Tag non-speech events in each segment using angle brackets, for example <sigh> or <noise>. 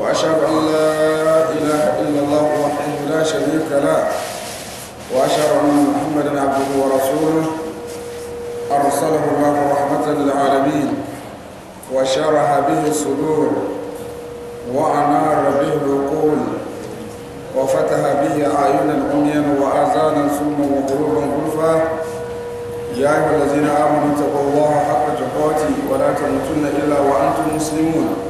وأشهد أن لا إله إلا الله وحده لا شريك له وأشهد أن محمدا عبده ورسوله أرسله الله رحمة للعالمين وشرح به الصدور وأنار به العقول وفتح به أعينا عميا وآذانا سما وقلوبا غلفا يا أيها الذين آمنوا اتقوا الله حق تقاته ولا تموتن إلا وأنتم مسلمون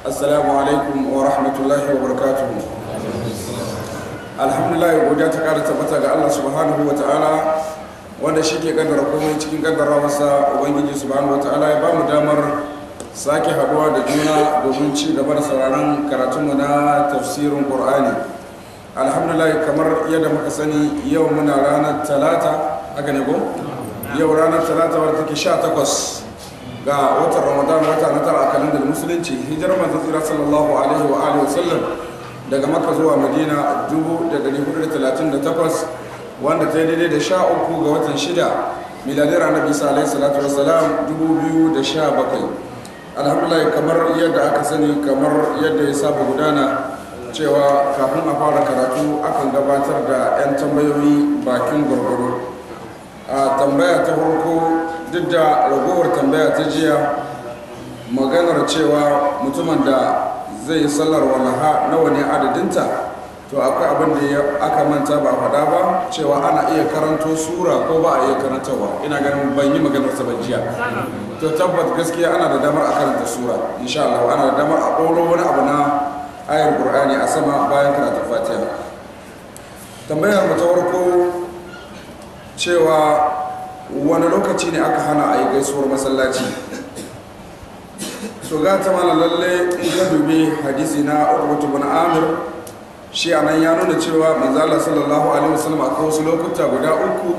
assalamu alaikum wa rahmatullahi wa barakatuhu alhamdulillah godiya ta kara tabbata ga Allah subhanahu wa ta'ala wanda shi ke komai cikin kaddarawarsa ubangiji subhanahu wa ta'ala ya bamu damar sake haduwa da juna domin ci gaba da sauraron karatunmu na tafsirin qur'ani alhamdulillah kamar yadda muka sani yau muna ranar talata haka ne ko yau ranar talata wadda take 18 ga watan ramadan wata na tara a da musulunci hijirar manzon tsira sallallahu alaihi wa alihi wasallam daga makka zuwa madina takwas, wanda ta yi daidai da sha uku ga watan shida miladiyar annabi bisa alaihi salatu wasalam bakwai. alhamdulillah kamar yadda aka sani kamar yadda ya saba gudana cewa kafin a fara karatu akan gabatar da 'yan tambayoyi bakin gwargwaro a tambaya ta farko duk da ragowar tambaya ta jiya maganar cewa mutumin da zai sallar walaha nawa ne adadinta to akwai abin da aka manta ba faɗa ba cewa ana iya karanto sura ko ba a iya ba. ina ganin ban yi maganar ba jiya to tabbat gaskiya ana da damar a karanta sura insha Allah ana da damar a ƙoro wani abu na ayar Qur'ani a sama bayan karatu Fatiha tambayar mu ta farko cewa wani lokaci ne aka hana a yi gaisuwar masallaci so ga ta mana lallai in ka dubi hadisi na ukwatu bin amir shi a nan ya nuna cewa manzala sallallahu alaihi wasallam akwai wasu lokuta guda uku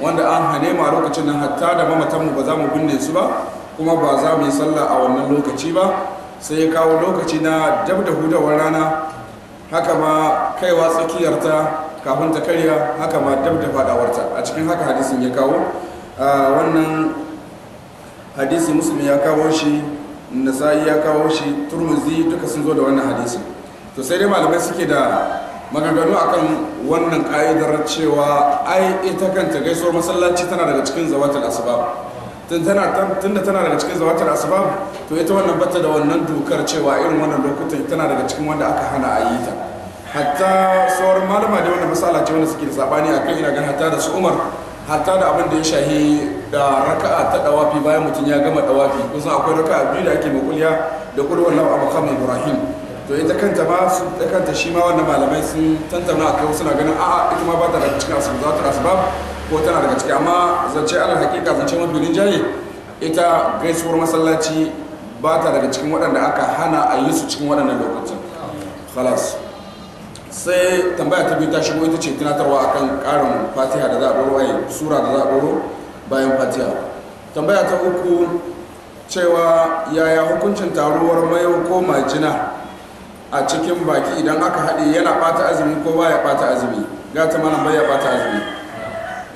wanda an hane ma lokacin nan hatta da mamatanmu ba za mu binne su ba kuma ba za mu yi sallah a wannan lokaci ba sai ya kawo lokaci na dab da hudawar rana haka ma kaiwa tsakiyarta kafin ta karya haka ma dab da fadawarta a cikin haka hadisin ya kawo wannan hadisi musulmi ya kawo shi nasa'i ya kawo shi turmuzi duka sun zo da wannan hadisi to sai dai malamai suke da maganganu akan wannan ka'idar cewa ai ita kanta gaisuwar masallaci tana daga cikin zawatul asbab tunda tana daga cikin zawatar asbab to ita wannan bata da wannan dokar cewa irin wannan lokutan tana daga cikin wanda aka hana a yi ta hatta sauran malama da wannan masala ce wanda suke da sabani kan ina gan hatta da su umar hatta da abin da ya shahi da raka'a ta dawafi bayan mutum ya gama dawafi kusan akwai raka'a biyu da ake makulya da kulwar lawa a makam ibrahim to ita kanta ma ta kanta shi ma wannan malamai sun tantauna akai suna ganin a'a ita ma ba ta daga cikin rasu ba ko tana daga ciki amma zance alal hakika zance mafi jaye ita gaisuwar masallaci ba ta daga cikin waɗanda aka hana a yi su cikin waɗannan lokacin sai tambaya ta biyu ta shigo ita ce tunatarwa akan karin fatiha da za sura da za bayan fatiha tambaya ta uku cewa yaya hukuncin taruwar mayo ko majina a cikin baki idan aka haɗe yana ɓata azumi ko baya ɓata azumi ta mana baya ɓata azumi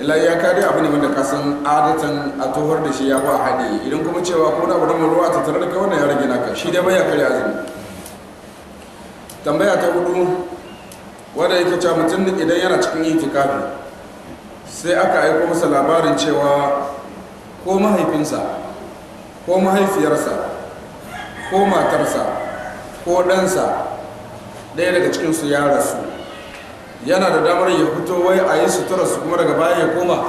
ila ya kare abu ne wanda san adatan a tohar da shi ya ba haɗe idan kuma cewa ko na abu ruwa ta tarar da kai wannan ya rage naka shi dai baya kare azumi tambaya ta hudu wanda yake cewa mutum idan yana cikin itikafi sai aka aiko masa labarin cewa ko mahaifinsa ko mahaifiyarsa ko matarsa ko ɗansa ɗaya daga cikinsu ya rasu yana da damar ya fito wai a yi su kuma daga baya ya koma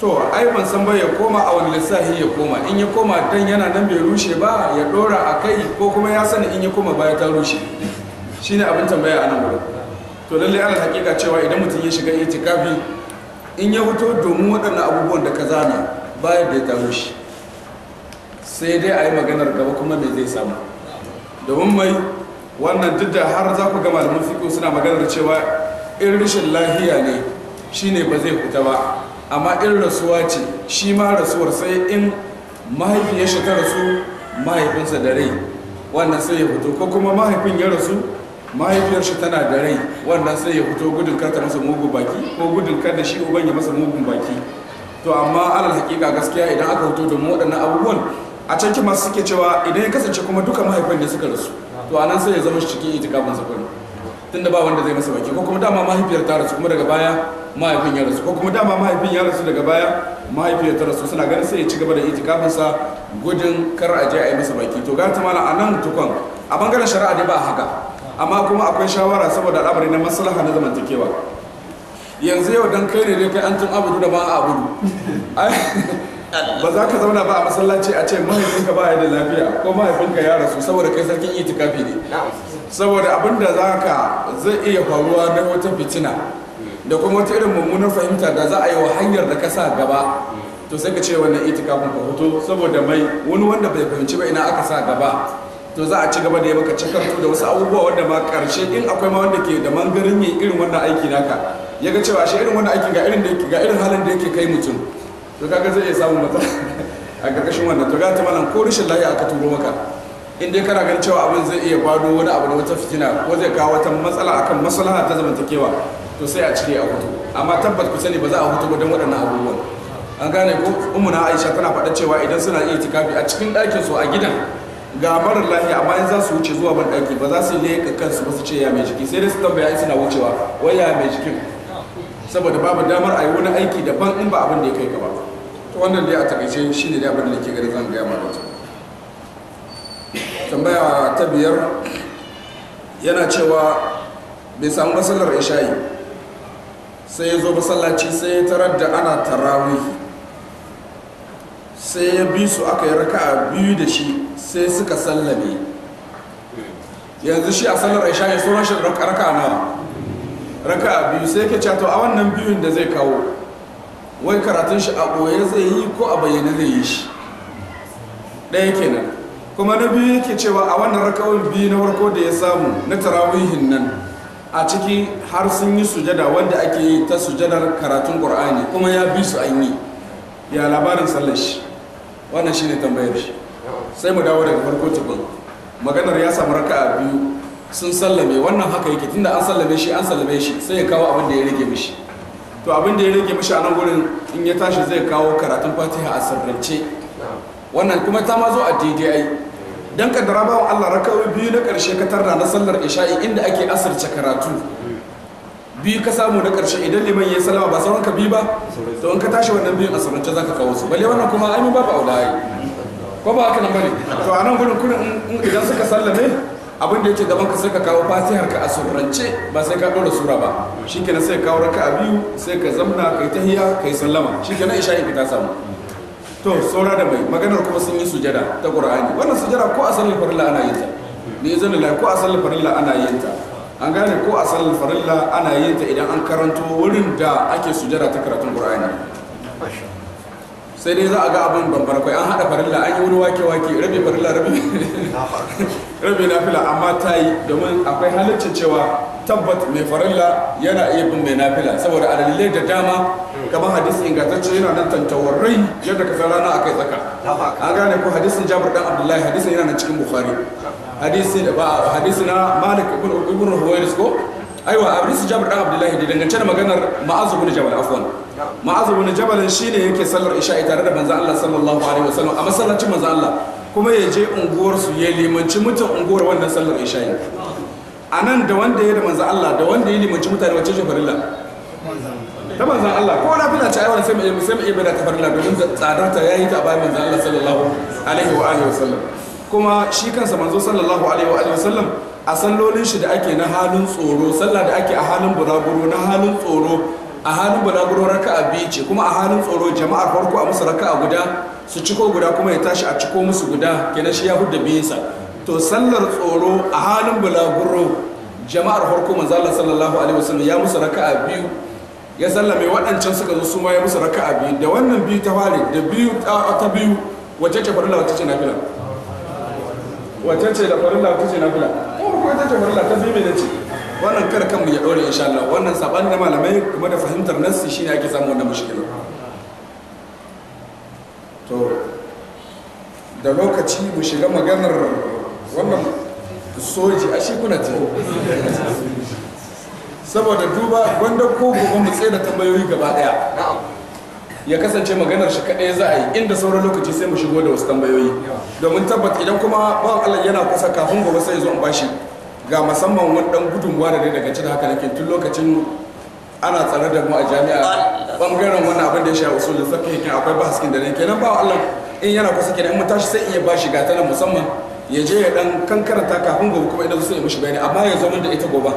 to ai ban san ba ya koma a wani lissafi ya koma in ya koma dan yana nan bai rushe ba ya dora a kai ko kuma ya sani in ya koma baya ta rushe Shi ne abin tambaya a nan wurin to lallai ana hakika cewa idan mutum ya shiga itikafi in ya fito domin waɗannan abubuwan da ka zana bayan da ya taru shi sai dai a yi maganar gaba kuma me zai samu domin mai wannan duk da har za ku ga malamin fiko suna maganar cewa in rashin lahiya ne shi ne ba zai fita ba amma in rasuwa ce shi ma rasuwar sai in mahaifin ya ta rasu mahaifinsa da rai wannan sai ya fito ko kuma mahaifin ya rasu mahaifiyar shi tana da rai wannan sai ya fito gudun kar ta masa mugun baki ko gudun kar da shi uban ya masa mugun baki to amma alal hakika gaskiya idan aka fito da waɗannan abubuwan a can kima suke cewa idan ya kasance kuma duka mahaifin da suka rasu to a nan sai ya zama shi cikin itikafin sa tun tunda ba wanda zai masa baki ko kuma dama mahaifiyar ta rasu kuma daga baya mahaifin ya rasu ko kuma dama mahaifin ya rasu daga baya mahaifiyar ta rasu suna ganin sai ya ci gaba da itikafin sa gudun kar a je a yi masa baki to ga ta mala a nan tukon a bangaren shari'a dai ba haka amma kuma akwai shawara saboda al'amari na maslaha na zamantakewa yanzu yau dan kai ne dai kai an tun abudu da ba a abudu ba za ka zauna ba a masallaci a ce mahaifinka ba ya da lafiya ko mahaifinka ya rasu saboda kai sarkin itikafi ne saboda abin da za ka zai iya faruwa na wata fitina da kuma wata irin mummunar fahimta da za a yi wa hanyar da ka sa gaba to sai ka ce wannan itikafin ka hoto saboda mai wani wanda bai fahimci ba ina aka sa gaba to za a ci gaba da yi maka cikin da wasu abubuwa wanda ma karshe in akwai ma wanda ke da mangarin yin irin wannan aiki naka ya ga cewa shi irin wannan aiki ga irin ga irin halin da yake kai mutum to kaga zai iya samun matsala <laughs> a karkashin wannan to ga ta malam ko rashin lafiya aka turo maka in dai kana ganin cewa abin zai iya bado wani abu da wata fitina ko zai kawo wata matsala akan maslaha ta zamantakewa to sai a cire a hutu amma tabbat ku sani ba za a hutu ba don waɗannan abubuwan an gane ko umuna aisha tana faɗa cewa idan suna iya tikafi a cikin ɗakin su a gidan ga marar lafiya amma in za su wuce zuwa ban ɗaki ba za su leƙa kansu ba su ce ya mai jiki sai dai su tambaya suna wucewa wai ya mai jikin saboda babu damar a yi wani aiki daban in ba abin da ya kai ka ba to wannan dai a takaice shi ne abin da ke gari zan gaya ma wata tambaya ta biyar yana cewa bai samu masallar isha'i sai ya zo masallaci sai ya tarar da ana tarawihi sai ya bi su aka yi raka'a biyu da shi sai suka sallame yanzu shi a sallar aisha ya sauran shi raka'a na. raka'a biyu sai ke cato a wannan biyun da zai kawo wai karatun shi a ɓoye zai yi ko a bayyane zai yi shi ɗaya kenan kuma na biyu yake cewa a wannan raka'un biyu na farko da ya samu na tarawihin nan a ciki har sun yi sujada wanda ake yi ta sujadar karatun ƙur'ani kuma ya bi su an yi ya labarin sallar shi wannan shine tambayar shi sai mu dawo daga farko tukun maganar ya samu a biyu sun sallame wannan haka yake tunda an sallame shi an sallame shi sai ya kawo abin da ya rage mishi to abin da ya rage mishi a nan gurin in ya tashi zai kawo karatun fatiha a sirrance wannan kuma ta ma zo a daidai dan kaddara bawan Allah raka'a biyu na karshe ka tarda na sallar isha'i inda ake asirce karatu biyu ka samu na ƙarshe idan liman ya salama ba sauran ka bi ba to in ka tashi wannan biyun a sunanta za ka kawo su balle wannan kuma ai mun ba ba aulayi ko ba haka nan bane to a nan gurin kurin idan suka sallame abin da yake gaban ka sai ka kawo fatihar ka a surrance ba sai ka dora sura ba shikenan sai ka kawo raka'a biyu sai ka zamna kai tahiyya kai sallama shikenan in ka ta samu to saura da mai maganar kuma sun yi sujada ta qur'ani wannan sujada ko a sallar farilla ana yin ta ne zan ko a sallar farilla ana yin ta an gane ko a sallar farilla ana yin ta idan an karanto wurin da ake sujada ta karatun qur'ani sai dai za a ga abin bambar kai an hada farilla an yi wani wake wake rabi farilla rabi <laughs> rabi nafila amma ta yi domin akwai halaccin cewa tabbat mai farilla yana iya bin mai nafila saboda a dalilai da dama kamar hadisi ingantacce yana nan tantawarrai yadda ka san rana akai tsaka an gane ko hadisin jabir dan abdullahi hadisin yana nan cikin bukhari hadisi da ba hadisi na malik ibn ibn huwairis ko aiwa su jabir dan abdullahi da dangance da maganar ma'az ibn jabal afwan ma'az ibn jabal shine yake sallar isha'i tare da manzo Allah sallallahu alaihi wasallam a masallacin manzo Allah kuma ya je unguwar su ya limanci mutan unguwar wannan sallar a anan da wanda ya da manzo Allah da wanda ya limanci mutane wacce ce farilla ta manzo Allah ko na fina ta aiwa sai mu sai mu ibada ta farilla domin tsadarta ta yayi ta bayan manzo Allah sallallahu alaihi wa alihi wasallam kuma shi kansa manzo sallallahu alaihi wa sallam a sallolin shi da ake na halin tsoro sallah da ake a halin buraguro na halin tsoro a halin buraguro raka biyu ce kuma a halin tsoro jama'ar farko a musu raka'a guda su ciko guda kuma ya tashi a ciko musu guda kenan shi ya hudda biyinsa to sallar tsoro a halin bulaguro jama'ar farko manzo Allah sallallahu alaihi sallam ya musu raka'a biyu ya sallame waɗancan suka zo su ma ya musu raka'a biyu da wannan biyu ta fare da biyu ta biyu wacce ce farilla wacce ce na filan. wacce ce da farilla wacce na fila ko ko ita ce farilla ta biyu da ce wannan kar kan mu ya dore insha Allah wannan sabani da malamai kuma da fahimtar nassi shine ake samu wannan mushkila to da lokaci mu shiga maganar wannan soji a shi kuna ce saboda duba wanda ko gobe mu tsaye da tambayoyi gaba daya ya kasance maganar shi kadai za a yi inda sauran lokaci sai mu shigo da wasu tambayoyi domin tabbat idan kuma bawan Allah yana kusa kafin gobe sai zo in bashi ga musamman wani dan gudunmuwa da dai daga cikin haka nake tun lokacin ana tsare da mu a jami'a bangaren wannan abin da ya shafi usul da kin akwai ba haskin da ne kenan bawan Allah in yana kusa kenan in mun tashi sai iya bashi ga tana musamman ya je ya dan kankaranta kafin gobe kuma idan sai ya mishi bayani amma ya zama da ita gobe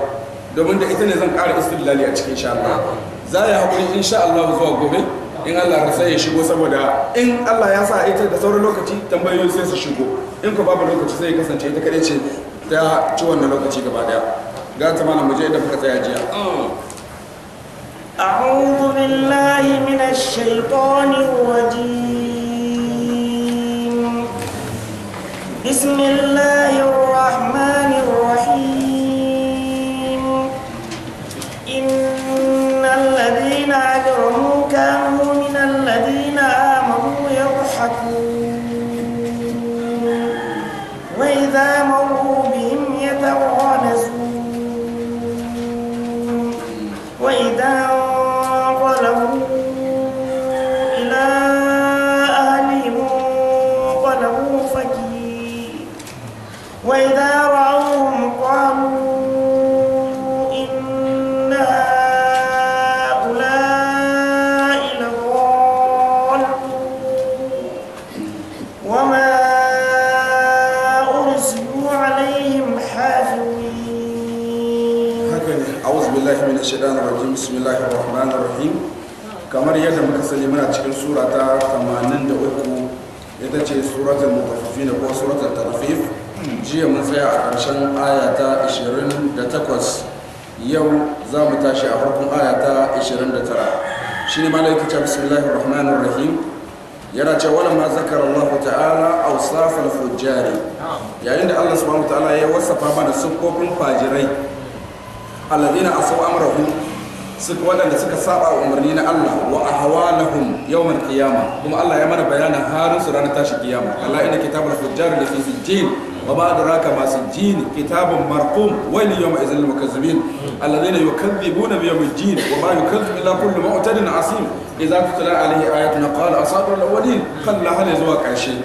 domin da ita ne zan kara istidlali a cikin sha Allah za ya haƙuri insha Allah zuwa gobe in Allah ka sai ya shigo saboda in Allah ya sa ita da sauran lokaci tambayoyi sai su shigo in ko babu lokaci sai ya kasance ita kadai ce ta ci wannan lokaci gaba daya ga ta malam muje da muka tsaya jiya a'udhu billahi minash الشيطان الرجيم bismillahir kamar yadda muka sani muna cikin sura ta 83 ita ce suratul mutaffifin ko suratul tarfif jiya mun tsaya a ƙarshen aya ta 28 yau za mu tashi a farkon aya ta 29 shine malaikin ta bismillahir rahmanir rahim yana ce wala ma zakara Allah ta'ala awsaf al-fujjari yayin da Allah subhanahu ta'ala ya wasafa mana sufofin fajirai alladina asaw amrahum suka waɗanda suka saba wa umarni na Allah wa ahwalahum yawmal qiyama kuma Allah ya mana bayanin harinsu su ranar tashi kiyama Allah inna kitabul fujjar lafi sijjin wa ma adraka ma sijjin kitabun marqum waylun yawma idzin lil mukazzibin alladhina yukazzibuna bi yawmid din wa ma yukazzibu illa kullu mu'tadin asim idza tutla alayhi ayatuna qala asatirul awwalin kalla hal zuwa karshe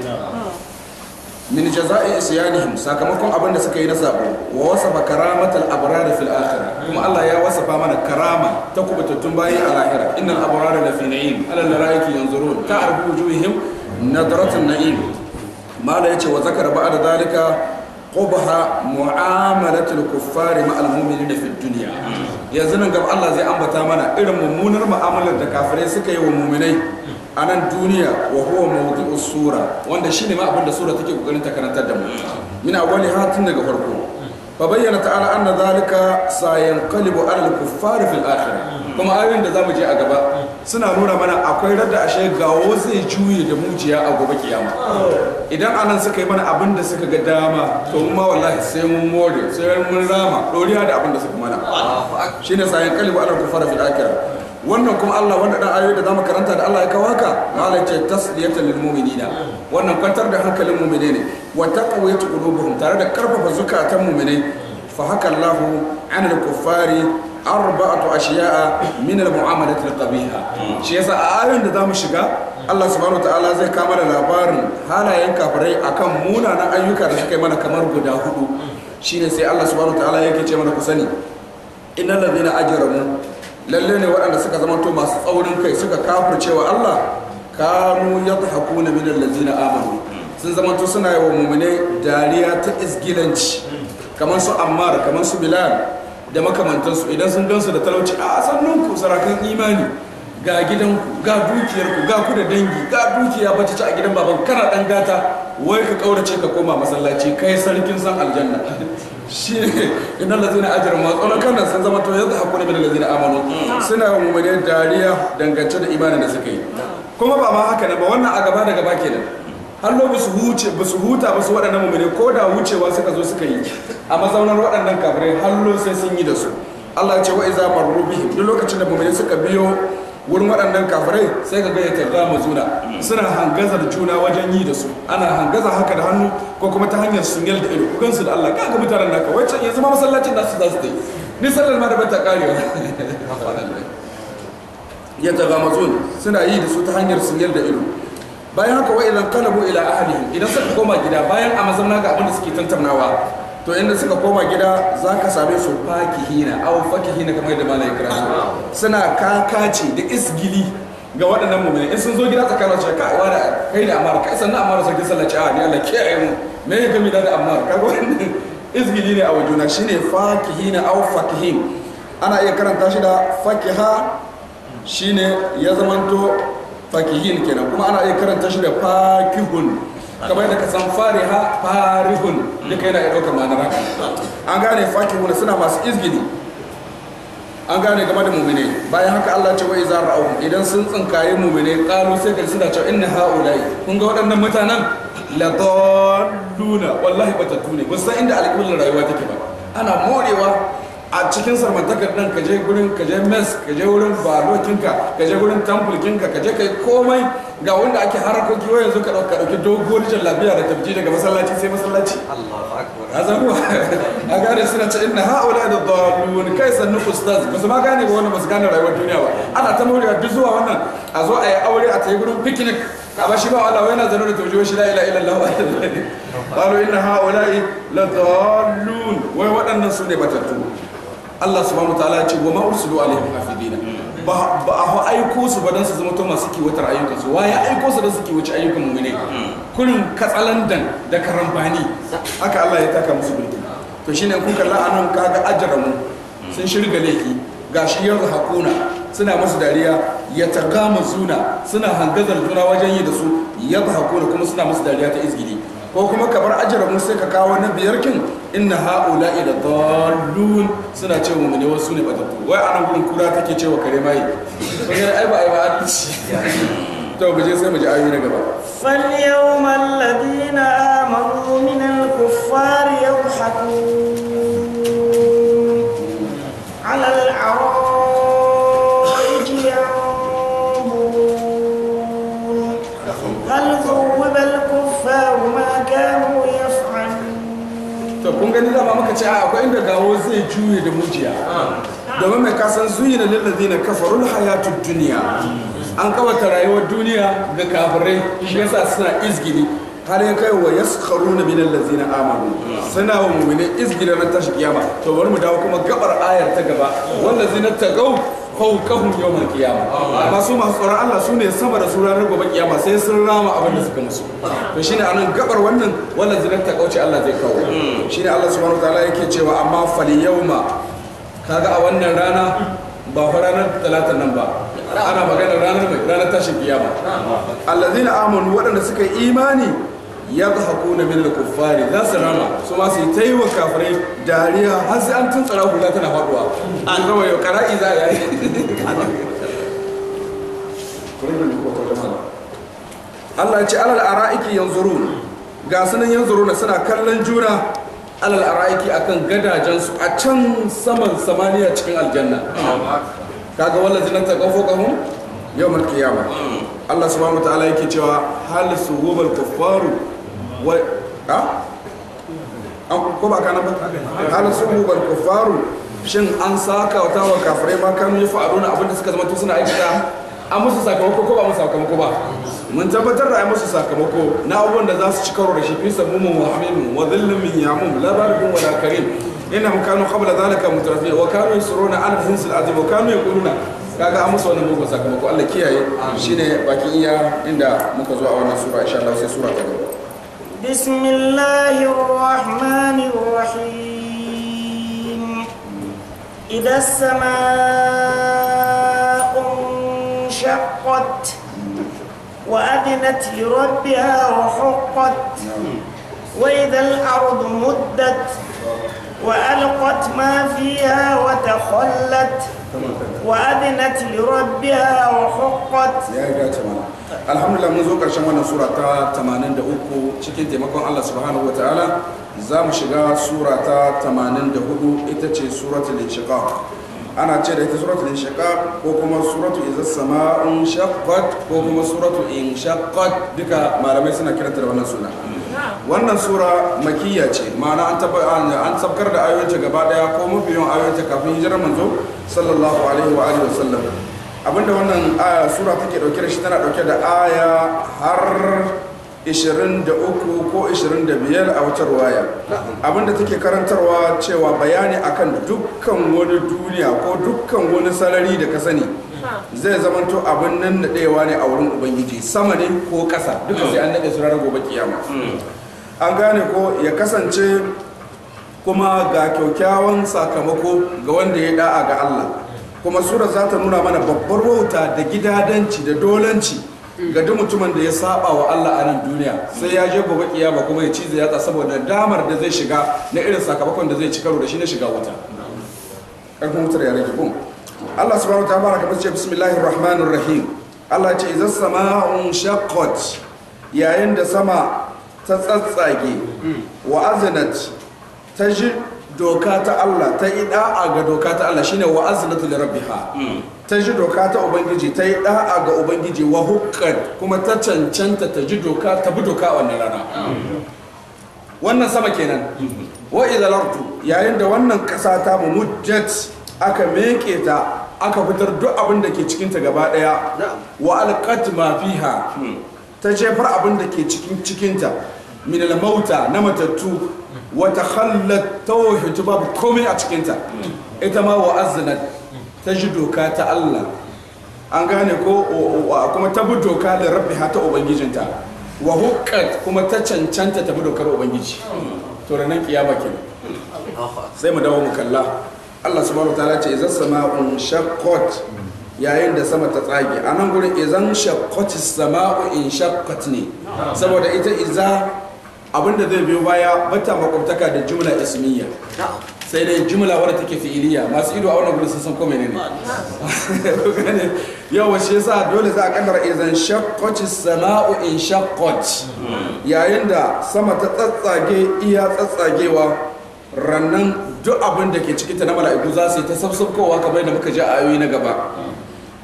min jaza'i isyanihim sakamakon abin da suka yi na sabo wa wasafa karamatal abrar fil akhirah kuma Allah ya wasafa mana karama ta kubutattun bayi a lahira innal abrar la fi na'im alal laraiki yanzurun ta'rifu wujuhihim nadratun na'im mala yace wa zakara ba'da dalika qubha mu'amalatul kuffari ma'al mu'minina fid dunya yanzu nan gaba Allah zai ambata mana irin mummunar mu'amalar da kafirai suka yi wa muminai a nan duniya wa huwa mawdu'us sura wanda shine ma abin da sura take kokarin ta karantar da mu muna wani hatin daga farko Ba bayyana ta'ala anna zalika sayanqalibu ala al-kuffari fil kuma ayoyin da zamu je a gaba suna nuna mana akwai radda ashe gawo zai juye da muciya a gobe kiyama idan anan suka yi mana abin da suka ga dama to mu ma sai mun more sai mun rama doriya da abin da suka mana shine sayanqalibu ala al-kuffari fil wannan kuma Allah wanda dan ayoyi da zamu karanta da Allah ya kawo haka malai ce tasliyatan lil mu'minina wannan kwantar da hankalin mu'mine ne wa taqwiyatu qulubuhum tare da karfafa zukatan mu'minai fa haka Allahu al kuffari arba'atu ashiya'a min al mu'amalati al qabiha shi yasa a ayoyin da zamu shiga Allah subhanahu ta'ala zai kama da labarin halayen kafirai akan munanan ayyuka da suka yi mana kamar guda hudu shine sai Allah subhanahu ta'ala yake ce mana ku sani innal ladina ajramu lalle ne waɗanda suka zamanto masu tsaurin kai suka cewa Allah kanu yadhakuna lalle na amanu sun zamanto suna yi wa mumune dariya ta isgilanci kamar su ammar kamar su bilal da makamantansu idan sun gansu da talauci a ku sarakan imani ga gidanku ga dukiyarku ga ku da dangi ga dukiya bacci a gidan baban kana dan gata wai ka kaurace ka koma masallaci kai sarkin san aljanna shi ne idan lazina ajiyar masu kan nan san zama to yanzu hakuri bin lazina amanu suna wa dariya dangance da imanin da suka yi kuma ba ma haka ne ba wannan a gaba da gaba kenan har lo ba huce bisu huta ba su waɗannan mummune ko da wucewa suka zo suka yi a mazaunar waɗannan kafirai har lo sai sun yi da su Allah ya ce wa iza marru duk lokacin da mummune suka biyo wurin waɗannan kafirai sai ka gaya tarda zuna suna hangazar juna wajen yi da su ana hangaza haka da hannu ko kuma ta hanyar sunyal da ido kukan su da Allah ka ga mutanen naka wacce ya zama masallacin da su za su yi ni sallar ma da bata karewa <laughs> ya tarda zuna suna yi da su ta hanyar sunyal da ido bayan haka wa idan kalabu ila ahlihim idan suka koma gida bayan a mazamna ga abin da suke tantanawa to inda suka koma gida za ka same su fakihina faki hina kamar yadda malai kira su suna kakaci da isgili ga waɗannan mummuni in sun zo gida tsakanin su ka wa da kai da amara kai sannan amara sarki sallaci a ni Allah kiyaye mu me ya gami da amara ka wannan isgili ne a wajuna shine fakihina au fakihin ana iya karanta shi da fakiha shine ya zamanto fakihin kenan kuma ana iya karanta shi da fakihun kamar yadda ka san fariha farihun duka yana da ɗaukar ma'anar haka an gane fakihuna suna masu izgini an gane game da mumine bayan haka Allah ce wai zan ra'u idan sun tsinkaye mumine qalu sai ka suna cewa inna haula'i kun ga waɗannan mutanen la duna wallahi ba ta tune ba san inda alƙiblar rayuwa take ba ana morewa a cikin sarmantakar nan ka je gurin ka je mes ka je wurin balokinka ka je gurin tamfulkinka ka je kai komai ga wanda ake harakoki wa yanzu ka ɗauka ɗauki doguwar jallabiya da tabbaci daga masallaci sai masallaci a zaruwa a gane suna ce inna ha'ula da dalilun kai sannu ustaz ba su ma gane ba wannan ba su gane rayuwar duniya ba ana ta morewa duk zuwa wannan a zo a yi aure a ta yi gurin picnic a ba shi ba Allah yana zanu da taujiyo shi la ila ila Allah wa qalu inna ha'ula la dalilun wai waɗannan su ne batattu Allah subhanahu wa ta'ala ya ce wa ma ursilu alaihim hafidina ba a aiko su ba don su zama tomas suke wata ayyukan su waye aiko su don suke wace ayyukan mu ne kurin katsalandan da karambani aka Allah ya taka musu birki to shine kun kalla anan kaga ajramu sun shirga laifi gashi yar hakuna suna masu dariya ya tagama suna hangazar juna wajen yi da su hakuna kuma suna masu dariya ta izgidi ko kuma ka bar ajramu sai ka kawo na biyar kin inna ha'ula ila dallun suna ce mu ne wasu ne batattu wai anan gurin kura take cewa kare mai wani ai ba ai ba adalci to mu je sai mu ji ayoyi na gaba fal yawmal ladina amanu min al kuffari yadhhakun ala kun gani dama muka ce a akwai inda gawo zai juye da mujiya domin mai kasan zuyi na lillazi na kafarul hayatu duniya an kawata rayuwar duniya ga kafirai shi yasa suna izgini har ya kai wa yaskaru na minan lazina amanu suna wa mummune izgina na tashi kiyama to bari mu dawo kuma gabar ayar ta gaba wanda zina ta gau fawqahum yawmal kiyama ba su masu tsoron Allah su ne sama da su ranar gobe kiyama sai sun rama abin da suka musu to shine anan gabar wannan wannan zinar ta kauce Allah zai kawo shine Allah subhanahu wataala yake cewa amma fal yawma kaga a wannan rana ba fa ranar talata nan ba ana magana ranar mai ranar tashin kiyama allazina amanu waɗanda suka yi imani ya ba haku na mil kuffari za su rama su ma su yi ta yi wa kafirai dariya har sai an tun tsara hula tana faduwa an gama yau kara'i za a yi Allah ce alal ara'iki yanzurun ga sunan na suna kallon juna alal ara'iki akan gadajensu a can saman samaniya cikin aljanna kaga wallazina taqafu yau mulki yawa mm. Allah subhanahu wa ta'ala yake cewa hal suhubal kuffaru ko ba kana ba hal subu bal kuffaru shin an saka wata wa kafirai ma kanu na abinda suka zama to aiki aikata an musu sakamako ko ba musu sakamako ba mun tabbatar da a musu sakamako na abubuwan da za su ci karo da shi fi sabu wa hamimin wa zillin min yamum la barikun wa la karim innahum kanu qabla zalika mutrafiya wa kanu yusruna ala hinsil azim wa kanu yaquluna kaga an musu wannan mugun sakamako Allah kiyaye shine bakin iya inda muka zo a wannan sura insha Allah sai sura ta gaba بسم الله الرحمن الرحيم إذا السماء انشقت وأذنت لربها وحقت وإذا الأرض مدت وألقت ما فيها وتخلت وأذنت لربها وحقت alhamdulillah mun zo karshen wannan sura ta 83 cikin taimakon Allah subhanahu wa ta'ala za mu shiga sura ta 84 ita ce suratul inshiqaq ana ce da ita suratul inshiqaq ko kuma suratul izas sama'un shaqqat ko kuma suratul inshaqqat duka malamai suna kiranta da wannan suna wannan sura makiyya ce ma'ana an sabkar da ayoyinta gaba daya ko mu mafiyan ayoyinta kafin hijirar manzo sallallahu alaihi wa alihi wa sallam abinda wannan aya ah, sura take dauke da shi tana dauke da aya har 23 ko 25 a wutar waya. abinda take karantarwa cewa bayani akan dukkan wani duniya ko dukkan wani sarari da ka sani zai zamanto abin nan nadewa ne a wurin ubangiji sama ne ko kasa duka sai an nade su gobe kiyama an gane ko ya kasance kuma ga kyakkyawan sakamako ga wanda ya da'a ga Allah kuma sura za ta nuna mana babbar wauta da gidadanci da dolanci ga duk mutumin da ya saba wa Allah a nan duniya sai ya je gobe kiyama kuma ya cize yatsa saboda damar da zai shiga na irin sakamakon da zai ci karo da shi na shiga wuta karfin wutar ya rage kun Allah subhanahu wa ta'ala kamar ce bismillahir rahmanir rahim Allah ce idan sama'un shaqqat yayin da sama ta tsatsage wa aznat ta doka ta Allah ta yi da'a ga doka ta Allah shine wa azlatu li rabbiha hmm. ta ji doka ta ubangiji ta yi da'a ga ubangiji wa huqqat kuma ta cancanta ta ji doka ta bi doka wannan rana hmm. wannan sama kenan hmm. wa idal ardu yayin da wannan kasa ta mu mujjat aka meke ta aka fitar duk abin da ke cikin ta gaba daya wa alqat ma fiha ta jefar abin da ke cikin cikin ta min al mauta na matattu wata hallar tawahiyatu babu komai a cikinta ita ma wa azinat ta ji doka ta Allah an gane ko kuma ta bi doka da rabbi ha ta ubangijinta wa kuma ta cancanta ta bi dokar ubangiji to ranar kiyama kenan sai mu dawo mu kalla Allah subhanahu ce idan sama'un shaqqat yayin da sama ta tsaki. a nan gurin idan shaqqat samau in shaqqat ne saboda ita iza abinda zai biyo baya bata makwabtaka da jumla ismiya sai dai jumla wadda take fi'iliya masu ido a wannan gudun sun san ko menene ne <laughs> yawa shi yasa dole za a kaddara izan shaqqati sama'u in shaqqat hmm. yayin da sama ta tsatsage iya tsatsagewa rannan duk abin da ke ciki ta na mala'iku za su yi ta sabsabkowa kamar da muka ji a ayoyi na gaba hmm.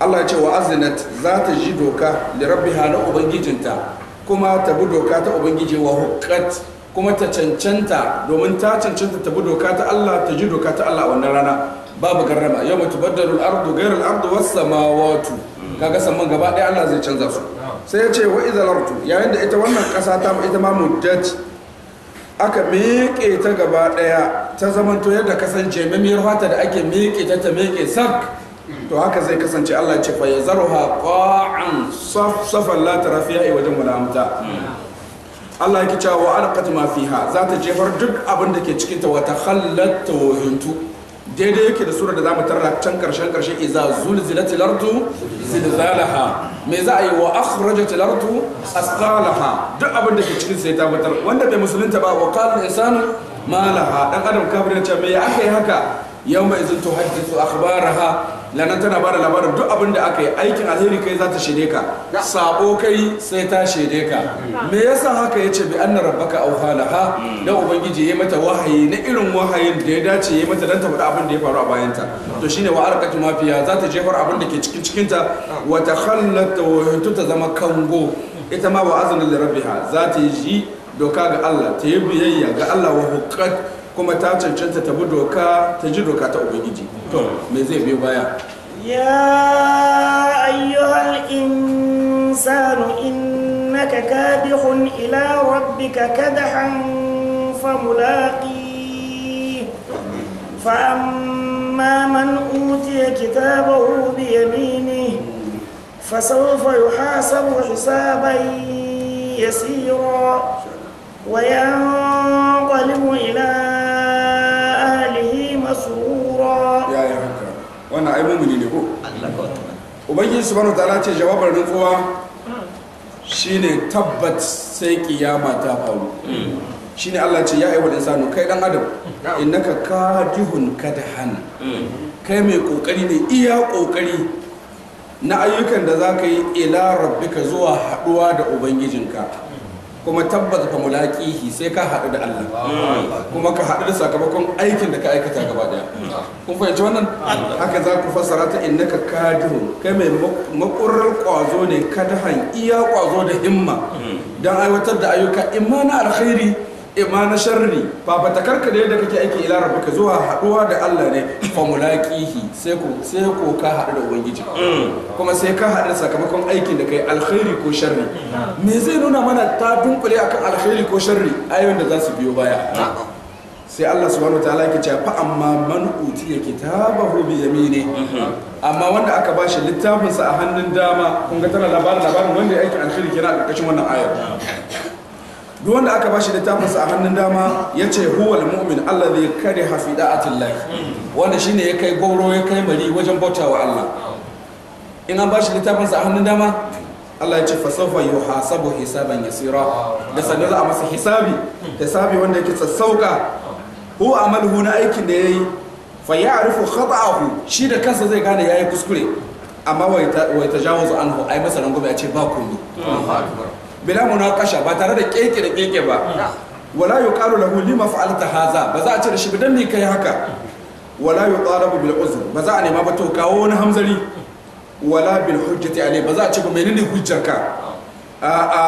Allah ya ce wa azinat za ta ji doka da rabbi na ubangijinta kuma ta bi doka ta ubangiji wa hukat kuma ta cancanta domin ta cancanta ta bi doka ta Allah ta ji doka ta Allah wannan rana babu garrama yau mutu baddalul ardu gairul ardu was samawatu kaga saman gaba ɗaya Allah zai canza su sai ya ce wa ardu yayin da ita wannan kasa ta ita ma muddat aka miƙe ta gaba ɗaya ta zamanto yadda kasance mamiyar fata da ake miƙe ta ta miƙe sak to haka zai kasance Allah ce fa yazarha qa'an safsafan la tara fiha wajen wala amta Allah yake cewa wa alqat ma fiha za ta jefar duk abin da ke cikin ta wa takhallat tawhintu daidai yake da surar da za mu tarra can karshen karshe iza zulzilatil ardu zilzalaha me za a yi wa akhrajatil ardu asqalaha duk abin da ke cikin sai ta batar wanda bai musulunta ba wa qala insanu malaha dan adam kafirin ce me aka yi haka yau mai aka bara akhbaraha lana tana bada labarin duk abin da aka yi aikin alheri kai za ta shede ka sabo kai sai ta shede ka me yasa haka yace bi anna rabbaka awhalaha hmm. da ubangiji yayi mata wahayi na irin wahayin da ya dace yayi mata dan ta abinda abin da ya faru a bayanta to shine wa arqatu mafiya za ta jefar abin da ke cikin cikin ta wa takhallat wa ta zama kango ita ma wa azna li rabbiha za ta yi doka ga Allah ta yi biyayya ga Allah wa hukat kuma ta cancanta ta bi doka ta ji doka ta ubangiji to me zai biyo baya ya ayyuhal insanu innaka kadihun ila rabbika kadahan famulaqi utiya kitabahu bi yamini fa sawfa yuhasabu hisaban yasira وينقلب إلى أهله مسرورا يا يا هكا وانا أي مؤمنين ce jawabar rantsuwa shine tabbat sai kiyama ta faru ne Allah ce ya ayyuhal insanu kai ɗan adam ka da kadahan kai mai ƙoƙari ne iya ƙoƙari. na ayyukan da za ka yi ila rabbika zuwa haɗuwa da ubangijinka kuma tabbata ka mulaƙihi sai ka haɗu da Allah kuma ka haɗu da sakamakon aikin da ka aikata gaba daya kun fahimci wannan haka za ku fassara ta innaka kadihu kai mai makurar ƙwazo ne kadahan iya ƙwazo da himma don aiwatar da ayyuka imma na alkhairi ima na sharri fafatakarka da yadda kake aiki ila rabbika zuwa haduwa da Allah ne fa mulaqihi sai ko sai ko ka hadu da ubangiji mm. kuma sai ka hadu da sakamakon aikin da kai alkhairi ko sharri me zai nuna mana ta dunkule akan alkhairi ko sharri ayoyin da za su biyo baya sai Allah subhanahu wataala yake cewa fa amma man utiya kitabahu bi mm-hmm. amma wanda aka ba shi littafinsa a hannun dama kun ga tana labarin labarin wanda yake alkhairi kira a ƙarƙashin wannan ayar duk wanda aka bashi littafinsa a hannun dama ya ce huwal mu'min Allah zai kare hafi da'atin lai wanda shine ya kai gwauro ya kai mari wajen bauta wa Allah in an bashi littafinsa a hannun dama Allah ya ce fasofa yi hasabu hisaban yasira da sannan za a masa hisabi hisabi wanda yake sassauka hu malhu na aikin da ya yi fa ya haɗa khata'ahu shi da kansa zai gane ya yi kuskure amma wai ta jawo jawazu anhu ai masa rangume ya ce ba kullu bila munakasha ba tare da keke da keke ba wala yuqalu lahu lima fa'alta haza ba za a ce shi shi dan ni kai haka wala yuqalabu bil uzr ba za a nema ba to kawo wani hamzari wala bil hujjati alai ba za a ce ba menene hujjarka a a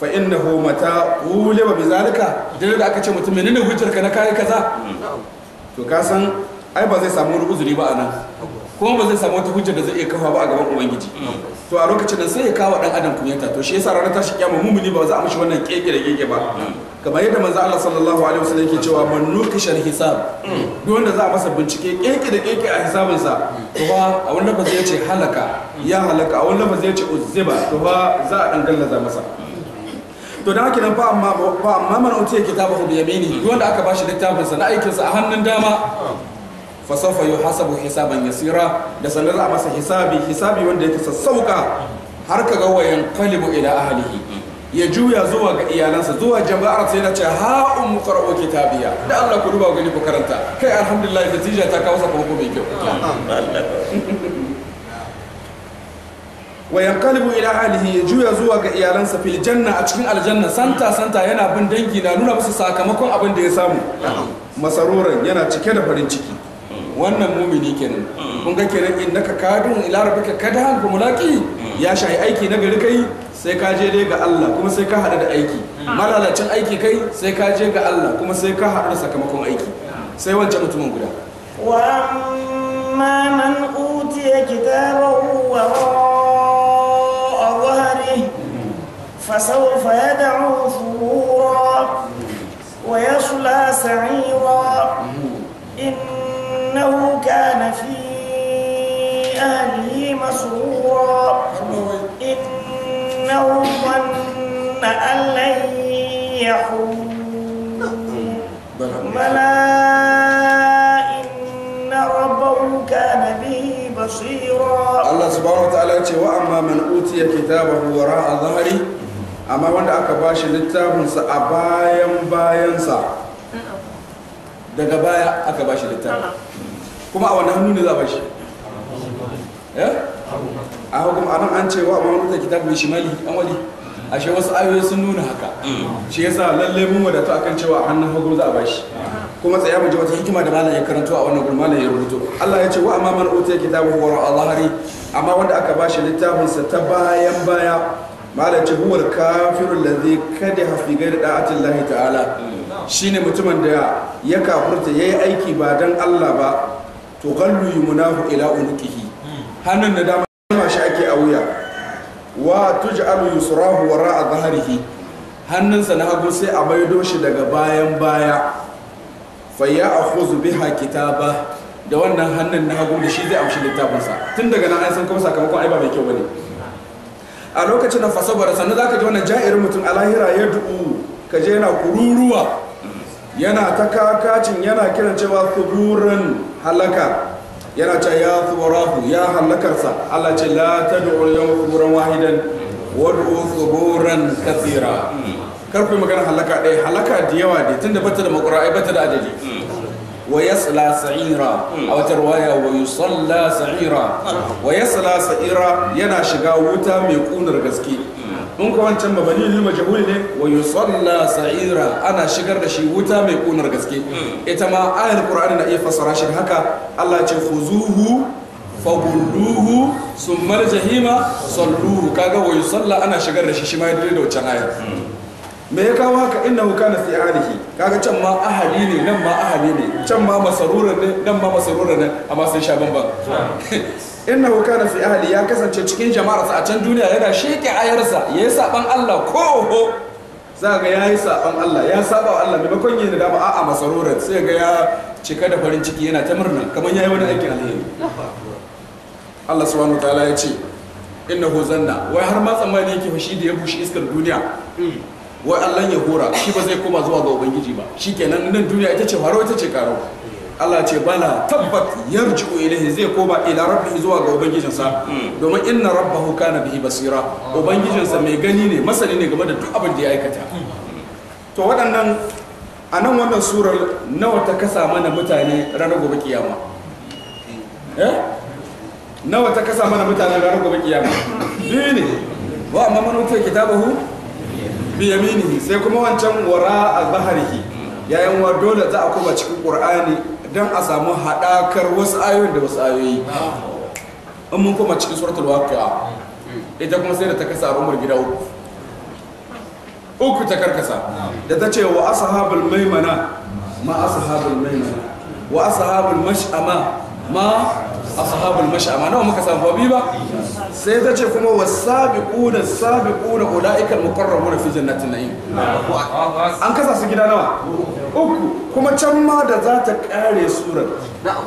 fa innahu mata ulama bi zalika dare da aka ce mutum menene hujjarka na kai kaza to ka san ai ba zai samu uzuri ba anan ko ba zai samu wata hujja da zai iya kafa ba a gaban ubangiji to a lokacin da sai ya kawo dan adam kunyata to shi yasa ranar tashi kiyama mumuni ba za a mishi wannan keke da keke ba kamar yadda manzo Allah sallallahu alaihi wasallam yake cewa man nukishal hisab duk wanda za a masa bincike keke da keke a hisabin sa to ba a wani lafazi yace halaka ya halaka a wani lafazi ce uzziba to ba za a dan gallaza masa to da haka nan fa amma fa amma man utiya kitabahu bi yamini duk wanda aka bashi littafin sa na aikin sa a hannun dama fasafa sawfa hasabu hisaban yasira da sanar a masa hisabi hisabi wanda yake sassauka har ka ga wayan kalibu ila ahalihi ya juya zuwa ga iyalansa zuwa jama'ar sai na ce ha ummu qara'u kitabiya da Allah ku duba gani ku karanta kai alhamdulillah natija ta kawo sakamako mai kyau wa kalibu ila ahlihi ya juya zuwa ga iyalansa fil janna a cikin aljanna santa santa yana bin dangi na nuna musu sakamakon abin da ya samu masarorin yana cike da farin ciki wannan mumini kenan kun ga kenan naka kadun ila rabbika kadhan fa mulaqi ya shayi aiki na gari kai sai ka je dai ga Allah kuma sai ka hada da aiki malalacin aiki kai sai ka je ga Allah kuma sai ka hada sakamakon aiki sai wancan mutumin guda wa amma man utiya kitabahu wa ظهره فسوف يدعو ثبورا ويصلى سعيرا إنه كان في أهله مسرورا إنه ظن أن لن يحور بلى إن ربه كان به بصيرا الله سبحانه وتعالى وأما من أوتي كتابه وراء ظهري amma wanda aka ba shi littafinsa a bayan bayansa daga baya aka ba shi littafin kuma a wannan hannu ne za a bashi eh? a hukum anan an ce wa amma da kitabu bi shimali an wali ashe wasu ayoyi sun nuna haka shi ya sa lalle mun wadatu kan cewa a hannun hagu za a bashi kuma tsaye mu ji wata hikima da malam ya karanto a wannan gurma da ya rubuto Allah ya ce wa amma man utiya kitabu wa al-hari amma wanda aka bashi littafin sa ta bayan baya malam ce huwal kafirul ladhi kadaha fi ghairi da'ati Allah ta'ala shine mutumin da ya kafurta yayi aiki ba dan Allah ba to gallu yunahu ila unukihi. hannun da dama ma shi ake a wuya wa tuj'alu yusrahu wara'a dhahrihi hannunsa na hagu sai a maido shi daga bayan baya fa ya akhuzu biha kitaba da wannan hannun na hagu da shi zai amshi littafinsa tun daga nan an san kuma sakamakon ai mai kyau bane a lokacin da fasabar sannu za ka ji wannan ja'irin mutum a lahira ya du'u ka je yana kururuwa yana ta kakacin yana kiran cewa suburan halaka yana ce ya tsubarahu ya halakarsa Allah ce la tad'u yawma thuburan wahidan wad'u thuburan kathira kar ku magana halaka ɗaya halaka da yawa ne da bata da maƙura'ai bata da adadi wa yasla sa'ira a wata ruwaya wa yusalla sa'ira wa yasla sa'ira yana shiga wuta mai ƙunar gaske mun ka wancan mabani lil majhul ne wa yusalla sa'ira ana shigar da shi wuta mai kunar gaske hmm. ita ma ayar qur'ani na iya fasara shi haka Allah ya ce khuzuhu fagulluhu summar jahima salluhu kaga wa yusalla ana shigar da shi shi ma ya da wancan ayar hmm. me ya kawo haka innahu kana fi alihi kaga can ma ahali ne nan ma ahali ne can ma masarurar ne nan ma masarurar ne amma sai sha bamban hmm. <laughs> innahu kana fi ahli ya kasance cikin jama'arsa a can duniya yana sheke ayarsa yayi saban Allah ko oho za ga yayi saban Allah ya saba wa Allah maimakon yi da ba a'a masaruran sai ga ya cika da farin ciki yana ta murna kamar yayi wani aikin alheri Allah subhanahu ta'ala ya ce innahu zanna wai har ma tsammani yake fashi da ya bushe iskar duniya wai Allah ya hora shi ba zai koma zuwa ga ubangiji ba shikenan nan duniya ita ce faro ita ce karo Allah ce bala tabbat yarji'u ilahi zai koma ila rabbi zuwa ga ubangijinsa hmm. domin inna rabbahu kana bihi basira ubangijinsa mai gani ne masani ne game da duk abin da ya aikata to waɗannan a nan wannan surar nawa ta kasa mana mutane ranar gobe kiyama eh? nawa ta kasa mana mutane ranar gobe kiyama biyu ne wa amma manuta kitabahu bi yaminihi sai kuma wancan wara al zaharihi yayin wa dole za a koma cikin qur'ani don a samu haɗakar wasu ayoyin da wasu ayoyi in mun koma cikin suratul waqi'a ita kuma sai da ta kasa al'ummar gida uku uku ta karkasa da ta ce wa ashabul maimana ma ashabul maimana wa ashabul mash'ama ma ashabul mash'ama nawa muka samu babi ba sai ta ce kuma wasabiquna sabiquna ulaika almuqarrabuna fi jannatin na'im an kasa su gida nawa uku kuma can ma da za ta kare surar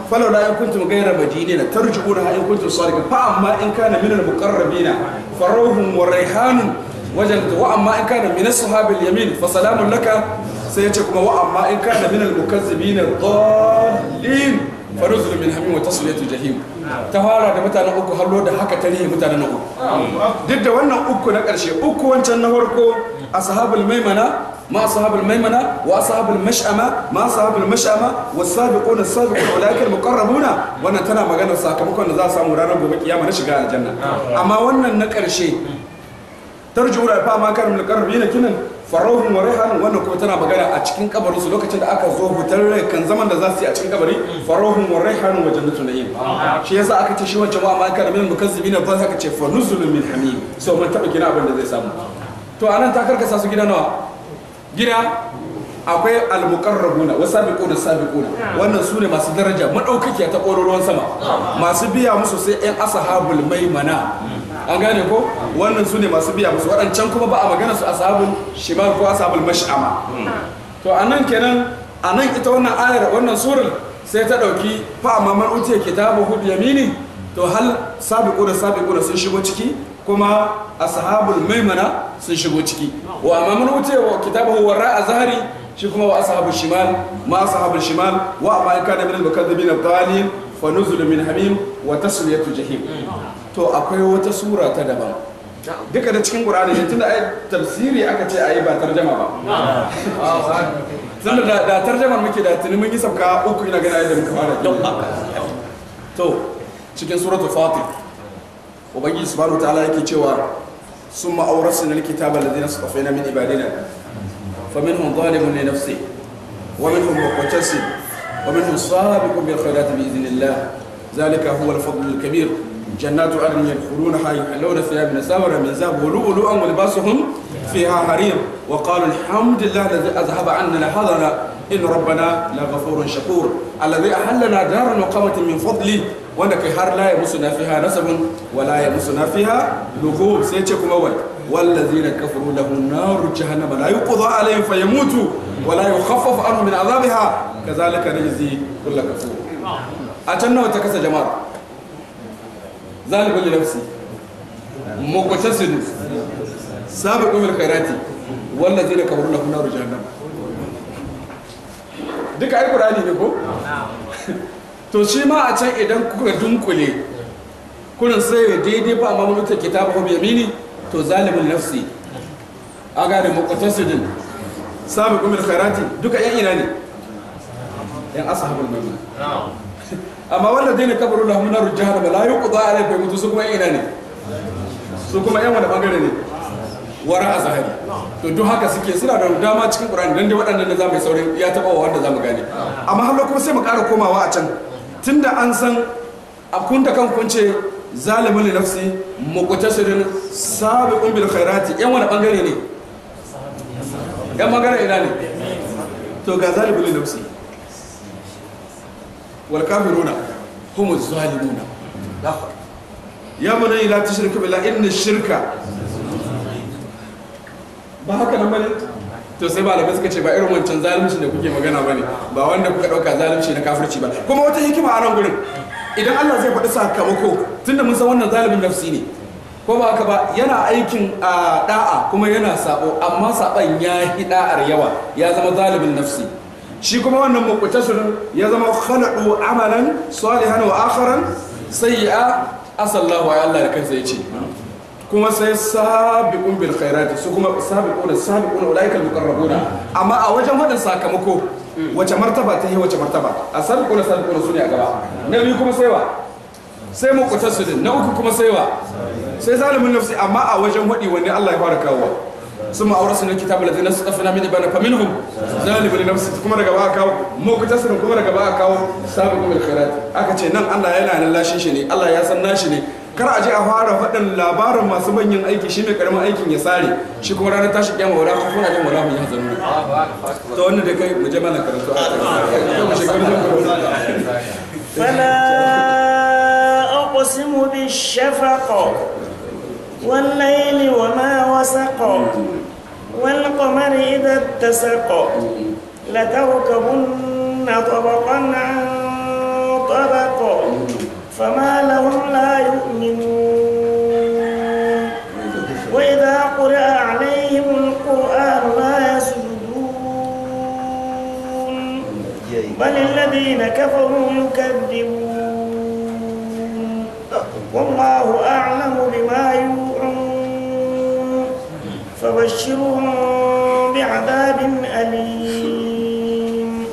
falau da in kuntum ghayra madinina tarji'una ha in kuntum sadiqin fa amma in kana minal muqarrabina farawhum wa rayhanun wajen wa amma in kana min ashabil yamin fa salamun laka sai ya ce kuma wa amma in kana minal mukazzibina dallin faruzul min hamim wa tasliyatu jahim ta fara da mutanen uku hallo da haka ta rihi mutanen uku duk da wannan uku na karshe uku wancan na farko ashabul maimana ma ashabul maimana wa ashabul mash'ama ma ashabul mash'ama was sabiquna sabiquna ulaika al muqarrabuna wannan tana magana sakamakon da za a samu ranar gobe kiyama na shiga aljanna amma wannan na karshe tarju'u la fa ma karim al kinan farauhun wa raihan wannan kuma tana magana a cikin kabarin su lokacin da aka zo hutar rai kan zaman da za su yi a cikin kabari farauhun wa raihan wa jannatu na'im shi yasa aka ce shi wancan ma kana min mukazzibi na ban haka ce fa nuzulun min hamim so mun taba gina abin da zai samu to anan ta karkasa su gida nawa gida akwai almuqarrabuna wa sabiquna wannan su ne masu daraja madaukakiya ta kororuwan sama masu biya musu sai yan ashabul maimana an gane ko wannan su ne masu biya musu waɗancan kuma ba a magana su ashabul shimal ko ashabul mash'ama to anan kenan anan ita wannan ayar wannan surar sai ta dauki fa amma man kitabu hud yamini to hal sabiqu da sabiqu sun shigo ciki kuma ashabul maimana sun shigo ciki wa amma man utiya kitabahu wara azhari shi kuma wa ashabul shimal ma ashabul shimal wa ma kana min al-mukaththibin ad-dhalin fa nuzul min hamim wa tasliyatu jahim to akwai wata sura ta daban duka da cikin qur'ani ne tunda ai tafsiri aka ce ayi ba tarjama ba sanda da da tarjamar muke da tuni mun yi sabka uku ina gana yadda muka fara to cikin suratul fatir ubangiji subhanahu ta'ala yake cewa summa awrasna alkitaba alladhina safaina min ibadina faminhum zalimun li nafsihi wa minhum muqtasid wa minhum sabiqun bil khairati bi idhnillah zalika huwa al-fadl al-kabir جنات عدن يدخلونها يحلون فيها من اساور من ذهب ولؤلؤا ولباسهم فيها حرير وقالوا الحمد لله الذي اذهب عنا لحظنا ان ربنا لغفور شكور الذي احلنا دار مقامه من فضله وانك هر لا يمسنا فيها نسب ولا يمسنا فيها لغوب سيتكم اول والذين كفروا له نار جهنم لا يقضى عليهم فيموتوا ولا يخفف عنهم من عذابها كذلك نجزي كل كفور اتنوا تكسى جماعه zalibu li nafsi muqtasid sabiqu bil khairati wallazina kafaru lahum naru jahannam duka ai qur'ani ne ko to shi ma a can idan kuka dunkule kunan sai daidai ba amma mun ta kitabu ko yamini to zalimul nafsi a gane muqtasidin sabiqu bil khairati duka yan ina ne yan ashabul maimuna amma wannan dai ne kabaru lahum naru layu la yuqda alayhi fa mutu su kuma ina ne su kuma yan wani bangare ne wara a zahari to duk haka suke suna da dama cikin qur'ani don dai waɗannan da mu yi saurin ya taɓa wa wanda za mu gane amma har kuma sai mu ƙara komawa a can tun da an san a kunta kan kun ce zalimin li nafsi muqtasirin sabiqun bil khairati yan wani bangare ne yan bangare ina ne to ga zalimin li nafsi wal kafiruna hum zalimuna ya bunayya la tushriku billahi inna shirka ba haka nan bane to sai malamai suka ce ba irin wancan zalunci da kuke magana bane ba wanda kuka dauka zalunci na kafirci ba kuma wata hikima a nan gurin idan Allah zai faɗi sakamako tunda mun san wannan zalimin nafsi ne ko ba haka ba yana aikin da'a kuma yana sabo amma saɓan ya yi da'ar yawa ya zama zalimin nafsi shi kuma wannan muqtasir ya zama khalaqu amalan salihan wa akharan sayyi'a asallahu ya Allah da kansa yace kuma sai sabiqun bil khairati su kuma sabiquna sabiquna ulaika muqarrabuna amma a wajen wadan sakamako wace martaba ta yi wace martaba a sabiquna sabiquna sune a gaba na biyu kuma sai wa sai muqtasir na uku kuma sai wa sai zalimin nafsi amma a wajen wadi wani Allah ya fara kawo ثم أورثنا الكتاب الذين اصطفينا من عبادنا فمنهم ظالم لنفسه كما رغبا كاو مقتصر كما رغبا كاو سابق بالخيرات aka ce nan Allah yana nan lashin shi ne Allah ya san nashi ne kar a je a fara faɗin labarin masu manyan aiki shi mai karamin aikin ya tsare shi kuma ranar tashi kiyama wala ko kuna jin wala mun hazan ne to wannan da kai mu je mana karatu a kai shekaru fala aqsimu bish shafaq wal layli wasaq والقمر إذا اتسق لتركبن طبقا عن طبق فما لهم لا يؤمنون وإذا قرأ عليهم القرآن لا يسجدون بل الذين كفروا يكذبون والله أعلم فبشرهم بعذاب أليم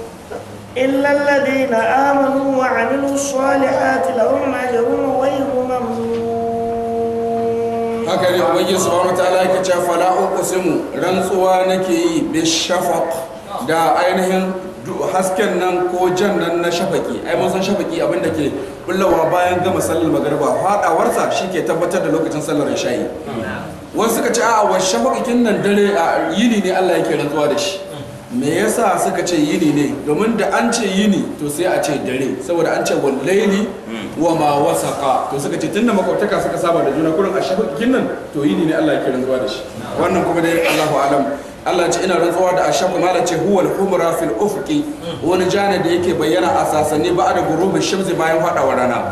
إلا الذين آمنوا وعملوا الصالحات لهم أجر غير ممنون هكذا سبحانه وتعالى فلا أقسم رنسوا بالشفق da ainihin hasken nan ko jan nan na shafaki ai mun san shafaki abin da ke bullawa bayan gama sallar magariba fadawarsa shi ke tabbatar da lokacin sallar shayi Wani suka ce a'a wa shafaƙin nan dare a yini ne Allah yake rantsuwa da shi me yasa suka ce yini ne domin da an ce yini to sai a ce dare saboda an ce Laili. wa ma wasaqa to suka ce tunda makwabtaka suka saba da juna kurin a shafaƙin nan to yini ne Allah yake rantsuwa da shi wannan kuma dai Allahu alam Allah ce ina rantsuwa da a ashabu mala ce huwal humra fil ufqi wani jana da yake bayyana a sasanni ba da gurubi shamsi bayan fadawa rana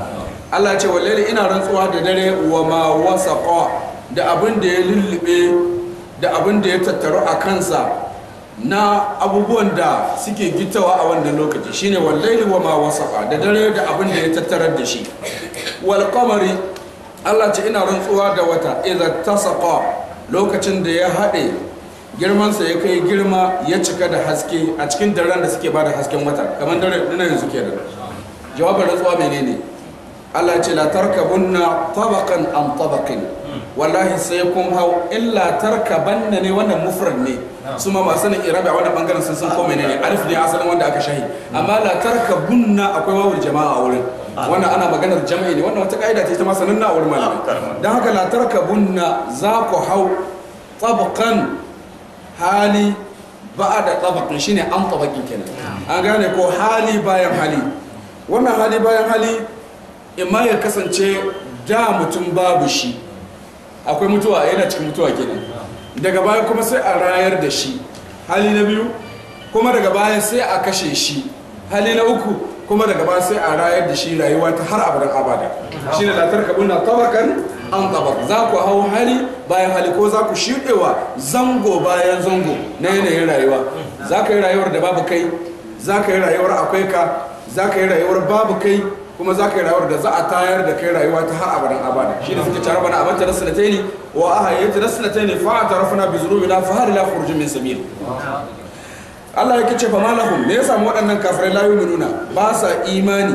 Allah ce wallahi ina rantsuwa da dare wa ma wasaqa da abin da ya lullube da abin da ya tattaru a kansa na abubuwan da suke gitawa a wannan lokaci shine wallaili wa ma wasafa da dare da abin da ya tattara da shi wal qamari Allah ce ina rantsuwa da wata idza tasaqa lokacin da ya haɗe girmansa ya kai girma ya cika da haske a cikin daren da suke da hasken wata kamar dare na yanzu kenan jawabin rantsuwa menene Allah ce la tarkabunna tabaqan am tabaqin wallahi sai kun hau illa tarka banna ne wannan mufrad ne su ma masu sanin irabi a wannan bangaren sun san ko menene alif ne asalin wanda aka shahi amma la tarka bunna akwai wawul jama'a a wurin ah. wannan ana maganar jama'i ne wannan wata kaida ce ta ma sanin na a wurin malami ah, dan haka la tarka bunna za ku hau tabqan hali ba da tabaqin shine an tabaqin kenan an gane ko hali bayan hali wannan hali bayan hali imma ya kasance da mutum babu shi akwai mutuwa yana cikin mutuwa kenan daga baya kuma sai a rayar da shi hali na biyu kuma daga baya sai a kashe shi hali na uku kuma daga baya sai a rayar da shi rayuwa ta har abadan abada shi ne latar kabin na tabakan an tabak za ku hau hali bayan hali ko za ku shuɗewa zango bayan zango na yanayin rayuwa za ka yi rayuwar da babu kai za ka yi rayuwar akwai ka za ka yi rayuwar babu kai kuma za ka yi rayuwar da za a tayar da kai rayuwa ta har abadan abada shi ne suke tare bana abin ta nasu lataini wa aha ya ta nasu lataini fa a tarafuna bi na fa har ila furjin min samir Allah ya ce fa malahum me ya samu waɗannan kafirai la yu'minuna ba sa imani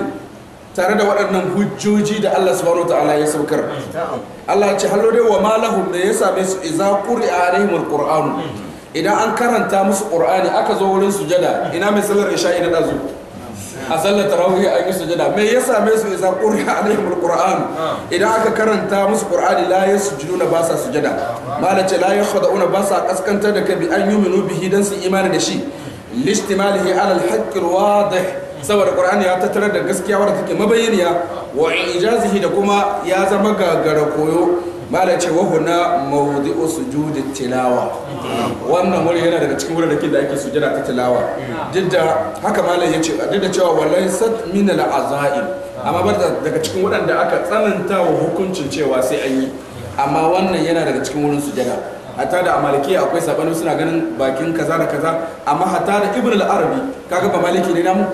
tare da waɗannan hujjoji da Allah subhanahu wa ya saukar Allah ya ce hallo dai wa malahum da ya same su idza quri'a alaihimul qur'an idan an karanta musu qur'ani aka zo wurin sujada ina mai sallar isha'i na dazu a sallar tarawih a yi sujada me ya same su idan qur'a alaihim alquran ah. idan aka karanta musu qur'ani la yasjuduna ba sa sujada mala ce la yakhda'una ba sa kaskantar da kai bi an yuminu bihi dan su imani da shi listimalihi ala alhaqq alwadih saboda qur'ani ya tattara da gaskiya wadda take mabayyaniya wa ijazihi da kuma ya zama gagara koyo mala ce wa huna mawdi'u sujudi tilawa wannan wuri yana daga cikin wurin da ake sujada ta tilawa duk da haka mala yace duk da cewa wallahi sat min al azai amma ba daga cikin waɗanda aka tsananta wa hukuncin cewa sai an yi amma wannan yana daga cikin wurin sujada hatta da maliki akwai sabani suna ganin bakin kaza da kaza amma hatta da ibn al arabi kaga ba maliki ne namu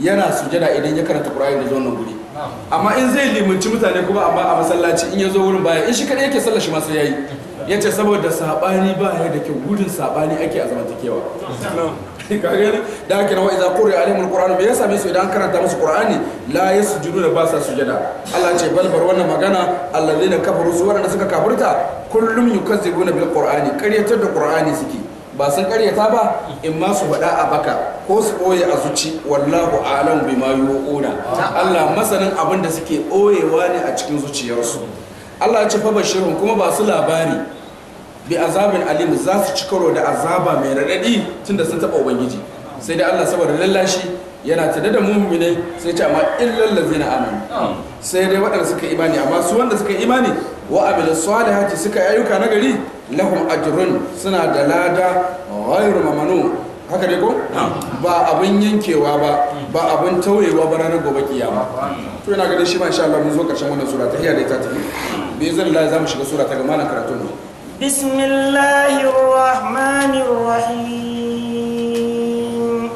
yana sujada idan ya karanta qur'ani da nan guri amma in zai limanci mutane kuma amma a masallaci in ya zo wurin baya in shi kaɗai yake sallashi shi yayi ya ce saboda saɓani ba ya da kyau gudun saɓani ake a zamantakewa da ake nawa idan quri alimul qur'an me yasa su idan karanta musu qur'ani la da ba sa sujada Allah ce bal bar wannan magana alladheena kafaru su wanda suka kafurta kullum yukazzibuna bil qur'ani qaryatar da qur'ani suke ba sun karyata ba in ma su faɗa a baka ko su ɓoye a zuci wallahu alam bi ma yuquna Allah masanin abin da suke ɓoyewa ne a cikin zuciyarsu Allah ya ce fa bashirun kuma ba su labari bi azabin alim za su ci karo da azaba mai raɗaɗi tunda sun taɓa ubangiji sai dai Allah saboda lallashi yana tada da muminai sai ce amma illal ladzina amanu sai dai waɗanda suka imani amma su wanda suka imani wa amilus salihati suka ayyuka na gari lahum ajrun suna da lada ghairu mamanu haka ne ko ba abin yankewa ba ba abin ta'wayewa ba ranar gobe kiyama to ina ganin shi ma insha Allah mun zo karshen wannan sura ta hiya da ita take bi zalla za mu shiga sura ta ga malam karatu mu bismillahir rahmanir rahim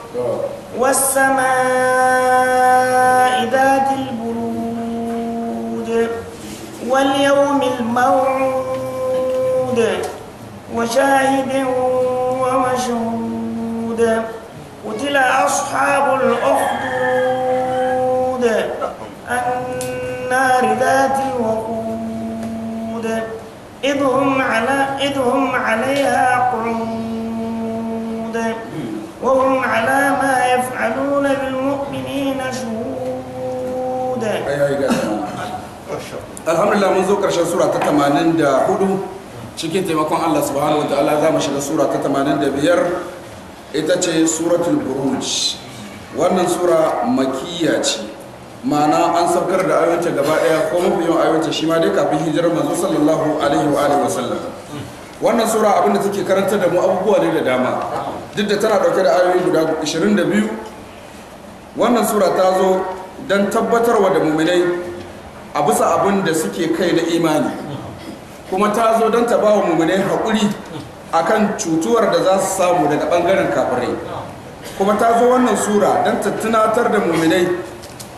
was samaa'i dhatil burud wal yawmil maw'ud ومشهود وشاهد ومشهود قتل أصحاب الأخدود النار ذات الوقود إذ هم, على إذ هم عليها قعود وهم على ما يفعلون بالمؤمنين شهود الحمد لله منذ كرشان سورة 84 cikin taimakon Allah subhanahu wataala za mu shiga sura ta 85 ita ce suratul buruj wannan sura makiyya ce ma'ana an saukar da ayyuta gaba daya ko mafi yawan ayyuta shi ma dai kafin hijirar manzo sallallahu alaihi wa alihi wasallam wannan sura abinda take karanta da mu abubuwa ne da dama duk da tana dauke da ayoyi guda 22 wannan sura ta zo don tabbatarwa da muminai a bisa abin da suke kai na imani kuma ta zo don ta ba wa mummunai haƙuri akan cutuwar da za su samu daga ɓangaren kafirai kuma ta zo wannan sura don ta tunatar da mummunai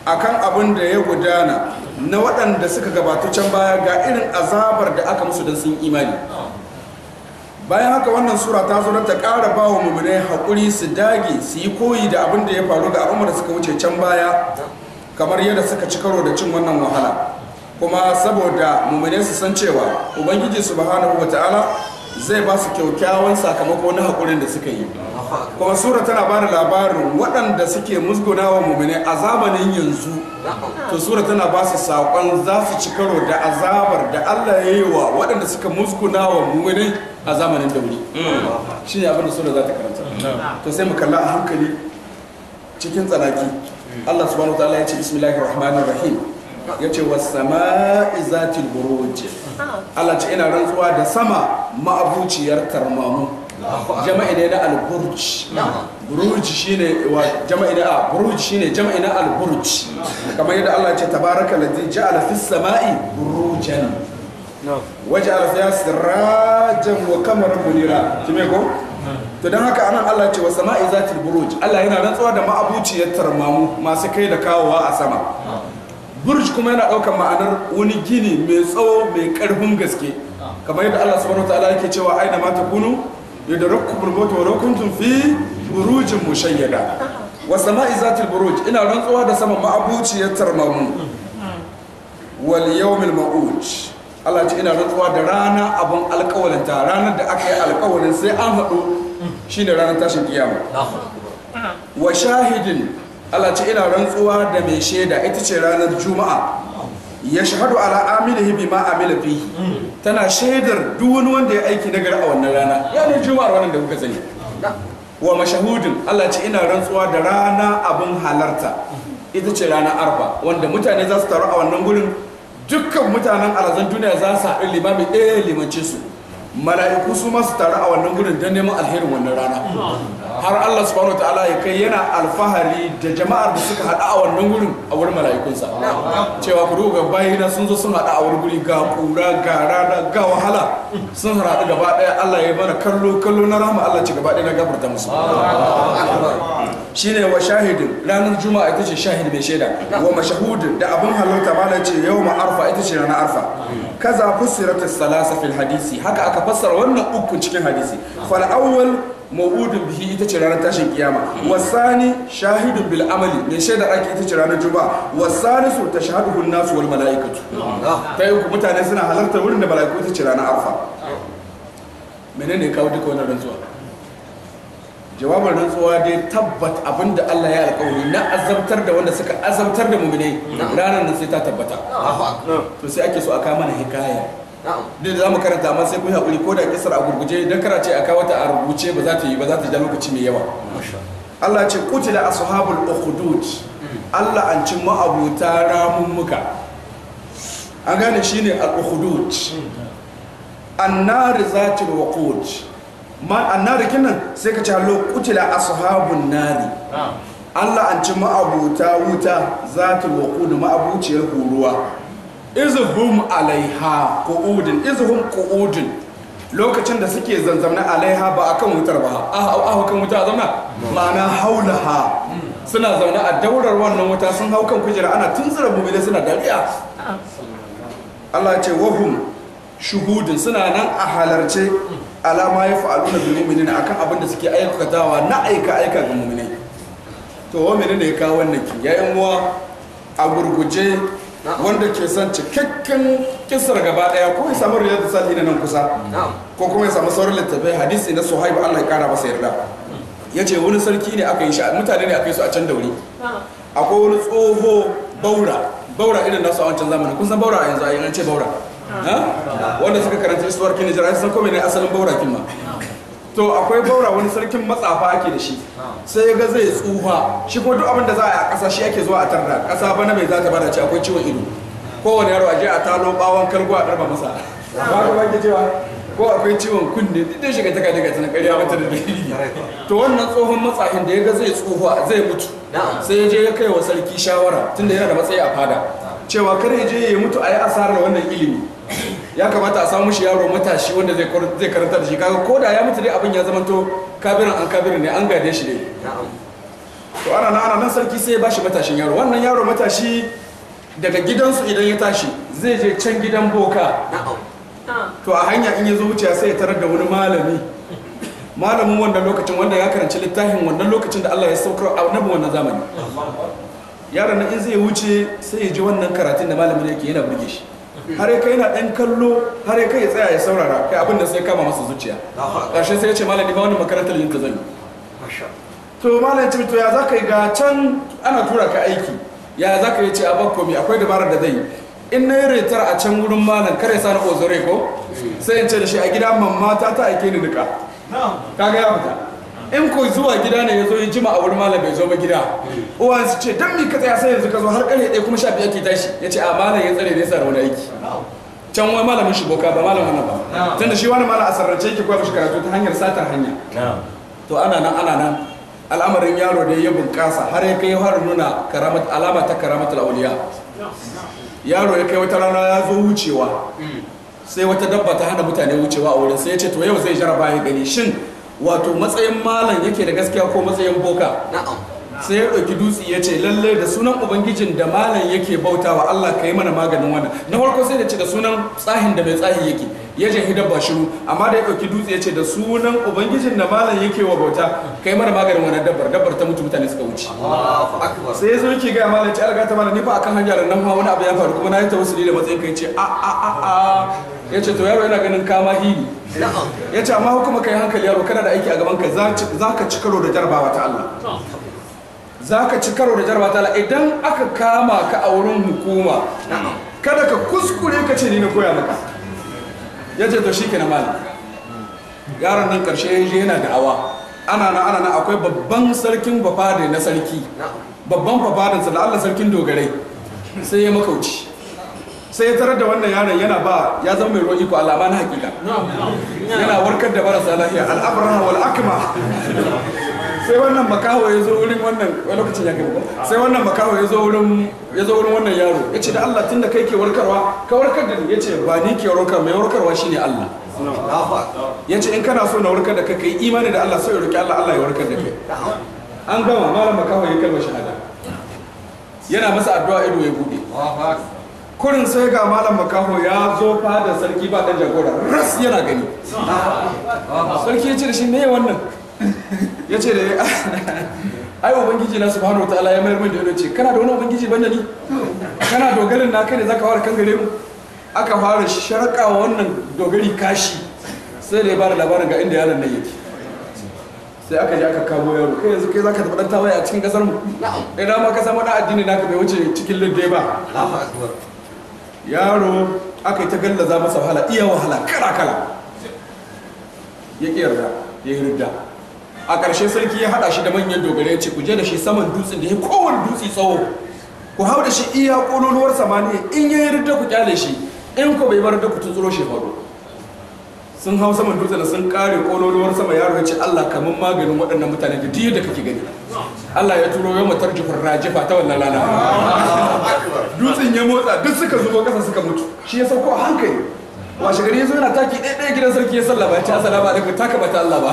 kan abin da ya gudana na waɗanda suka gabatu can baya ga irin azabar da aka musu don sun imani bayan haka wannan sura ta zo don ta ƙara ba wa mummunai haƙuri su dage su yi koyi da abin da ya faru ga al'ummar da suka wuce can baya kamar yadda suka ci karo da cin wannan wahala kuma saboda mummune su san cewa ubangiji subhanahu ta'ala zai ba su kyaukyawan sakamako na haƙurin da suka yi kuma sura tana ba da labarin waɗanda suke musguna wa mummune a zamanin yanzu to sura tana ba su saƙon za su ci karo da azabar da allah ya yi wa waɗanda suka musguna wa mummune a zamanin da wuri shi ne abin da sura za ta karanta to sai mu kalla a hankali cikin tsanaki allah subhanahu wa ta'ala ya ce bismillahir rahmanir rahim ya ce wasama izatil buruji Allah ce ina rantsuwa da sama ma'abuciyar tarmamu jama'i ne na buruji shi shine wa jama'i na shi ne jama'i na alburj kamar yadda Allah ce tabaraka ladzi ja'ala fis sama'i burujan waja'ala fiha sirajan wa qamaran munira kime ko to don haka anan Allah ce wa sama'i zatil buruj Allah yana rantsuwa da ma'abuciyar tarmamu masu kai da kawowa a sama burj kuma yana daukan ma'anar wani gini mai tsawo mai karfin gaske kamar yadda Allah subhanahu wataala yake cewa aina ma takunu yadrakkumul mautu wa law kuntum fi burujin mushayyada wa sama'i zatil buruj ina rantsuwa da sama ma'abuciyar tarmamu wal yawmil ma'uj Allah ce ina rantsuwa da rana abun alƙawalinta ranar da aka yi alƙawarin sai an haɗu shine ranar tashin kiyama wa shahidin Allah ce ina rantsuwa da mai shaida ita ce ranar juma'a ya shahadu ala amilihi ma amila fi tana shaidar duk wani wanda ya aiki nagari a wannan rana ne juma'ar wannan da kuka sani wa mashahudin Allah ce ina rantsuwa da rana abin halarta ita ce rana arba wanda mutane za su taru a wannan gurin dukkan mutanen alazan duniya za su haɗu limami ɗaya limance su mala'iku su masu taru a wannan gurin don neman alherin wannan rana har Allah subhanahu wa ta'ala ya kai yana alfahari da jama'ar da suka hada a wannan gurin a wurin mala'ikunsa cewa ku duka na sun zo sun haɗa a wurin guri ga kura ga rana ga wahala sun haɗu gaba ɗaya Allah ya bana kallo kallo na rama Allah ci gaba ɗaya na gafarta musu shine wa shahidin ranar juma'a ita ce shahid mai shaida wa mashahudin da abin halarta malam ce yau ma arfa ita ce ranar arfa kaza fusirat salasa fil hadisi haka aka fassara wannan uku cikin hadisi fal awwal mawudin bihi ita ce ranar tashin kiyama wasani shahidun bil amali mai shaida ake ita ce ranar juma'a wasani su ta shahadu nasu wal mala'ikatu ta yi mutane suna halarta wurin da mala'iku ita ce ranar arfa menene kawo duka wannan rantsuwa jawabin rantsuwa dai tabbat abin da Allah ya alƙawari na azabtar da wanda suka azabtar da muminai ranar nan sai ta tabbata to sai ake so a kawo mana hikaya duk da zamu karanta amma sai kun hakuri ko da kisar a gurguje dan karace a kawo ta a rubuce ba za ta yi ba za ta ja lokaci mai yawa Allah ce kutila ashabul ukhdud mm. Allah an cin ma'abuta ramummuka an gane shine al-ukhdud mm. annari zatil waqud ma annar kin nan sai ka ci hallo kutila ashabun nari Allah an ci ma'abuta wuta zatul da ma'abuciyar ruwa izhum alaiha qu'udun izhum qu'udun lokacin da suke zanzamna alaiha ba akan wutar ba a kan wuta zauna ma'ana haulaha suna zaune a daurar wannan wuta sun hau kan kujera ana tunzura bubile suna dariya Allah ce wahum shuhudin suna nan a halarce alama ya fa'alu na bilmuminin akan abin da suke aikatawa na aika aika ga muminai to wa menene ya kawo wannan ki ya yan uwa a gurguje wanda ke son cikakken kisar gaba daya ko ya samu riyadu na nan kusa ko kuma ya samu sauran littafai hadisi na suhaib Allah ya kara masa yarda ya ce wani sarki ne aka yi shi mutane ne aka yi su a can da wuri akwai wani tsoho baura baura irin nasu a wancan zamanin kun san baura a yanzu a yi an ce baura wanda suka karanta istuwar kini jira sun kome ne asalin baura kin ma to akwai baura wani sarkin matsafa ake da shi sai ya ga zai tsufa shi ko duk abin da za a yi a ƙasa shi ake zuwa a tarra ƙasa bana mai za ta bada ci akwai ciwon ido kowane yaro a je a talo bawon kargo a ɗarba masa ba ka ba cewa ko akwai ciwon kunne duk da shiga taka daga tana ƙarya mata da dalili to wannan tsohon matsahin da ya ga zai tsufa zai mutu sai ya je ya kai wa sarki shawara tunda yana da matsayi a fada cewa kar ya je ya mutu a yi asarar wannan ilimi ya kamata a samu shi yaro matashi wanda zai karanta da shi kaga ko da ya mutu dai abin ya zamanto kabirin an kabirin ne an gade shi ne to ana na ana nan sarki sai ya bashi matashin yaro wannan yaro matashi daga gidansu idan ya tashi zai je can gidan boka to a hanya in ya zo wuce sai ya tarar da wani malami malamin wannan lokacin wanda ya karanci littafin wannan lokacin da Allah ya saukar a nabin wannan zamani yaron nan in zai wuce sai ya ji wannan karatun da malamin yake yana burge shi har kai yana ɗan kallo har kai ya tsaya ya saurara kai abin da sai kama masa zuciya ƙarshe sai ya ce malami ba wani makarantar yin ta zani. to malam ce to ya za ka yi ga can ana tura ka aiki ya za yi ce a komi akwai dabarar da zai in na yi retar a can wurin malam kare sa na ozore ko eh. sai in ce da shi a gida mamma ta ta aike ni duka kaga ya fita in ko zuwa gida ne ya zo yin jima a wurin malam bai zo ba gida hmm. uwan su ce dan me ka tsaya sai yanzu ka zo har karfe ɗaya kuma sha biyar ake tashi ya ce a malam ya tsare ne sa wani aiki can wai malamin shi boka ba malamin wannan ba tunda shi wani malam a sarrace yake kwafi shi karatu ta hanyar satar hanya to ana nan ana nan al'amarin yaro da ya bunƙasa har ya kai har nuna alama ta karamatul auliya yaro ya kai wata rana ya zo wucewa hmm. sai wata dabba ta hana mutane wucewa a wurin sai ya ce to yau zai jaraba ya gani shin wato matsayin malam yake da gaskiya ko matsayin boka sai ya ɗauki dutse ya ce lallai da sunan ubangijin da malam yake bautawa Allah ka yi mana maganin wannan na farko sai da ce da sunan tsahin da mai tsahi yake ya je hidar bashiru amma da ya ɗauki dutse ya ce da sunan ubangijin da malam yake wa bauta yi mana maganin wannan dabbar dabbar ta mutu mutane suka wuce sai ya zo yake ga malam ce alga ta malam ni fa akan hanya da nan ma wani abu ya faru kuma na yi tawassuli da matsayin kai ce a a a a ya ce to yaro yana ganin kama hili ya ce amma hukuma kai hankali yaro kana da aiki a gaban ka za ka ci karo da jarabawa ta Allah za ka ci karo da jarabawa ta Allah idan aka kama ka a wurin hukuma kada ka kuskure ka ce ni na koya maka ya ce to shi ke na mali. yaron nan karshe ya yana da awa ana na ana na akwai babban sarkin bafade na sarki babban bafadinsa da Allah sarkin dogarai sai ya makauci sai ya tarar da wannan yaron yana ba ya zama mai roƙi ko alama na hakika yana warkar da marasa lafiya al'abraha wal akma sai wannan makaho ya zo wurin wannan lokacin ya gaba sai wannan makaho ya zo wurin ya zo wurin wannan yaro ya ce da Allah tun da kai ke warkarwa ka warkar da ni ya ce ba ni ke warkar mai warkarwa shine Allah ya ce in kana so na warkar da kai kai imani da Allah sai ya roki Allah Allah ya warkar da kai an gama malam makaho ya kalmar shahada yana masa addu'a ido ya bude kurin sai ga malam makaho ya zo da sarki ba dan jagora ras yana gani sarki ya ce da shi ne wannan ya ce da ai ubangiji na subhanahu ta'ala ya mayar mai da ce kana da wani ubangiji banda ni kana dogarin na kai ne zaka fara kangare mu aka fara sharaka wannan dogari kashi sai da ya bada labarin ga inda yaron nan yake sai aka je aka kawo yaro kai yanzu kai zaka tafi dan tawaye a cikin kasar mu ina ma ka samu da addini naka bai wuce cikin lidde ba yaro aka yi ta gallaza masa wahala iya wahala kala kala ya ƙi ya yi a ƙarshe sarki ya haɗa shi da manyan dogara ya ce ku je da shi saman dutsen da ya kowane dutse tsawo ku hau da shi iya ƙololuwar samaniya in ya yi ku kyale shi in ku bai bar da ku tutsuro shi faru sun hau saman dutsen sun kare kololuwar sama yaro ya ce Allah kamar maganin waɗannan mutane da duk da kake gani Allah ya turo yau matar jifar rajifa ta wannan lana dutsen ya motsa duk suka zubo ƙasa suka mutu shi ya sauko a hankali washe gari yazo yana taki ɗaya ɗaya gidan sarki ya sallama ya ce assalamu alaikum taka bata Allah ba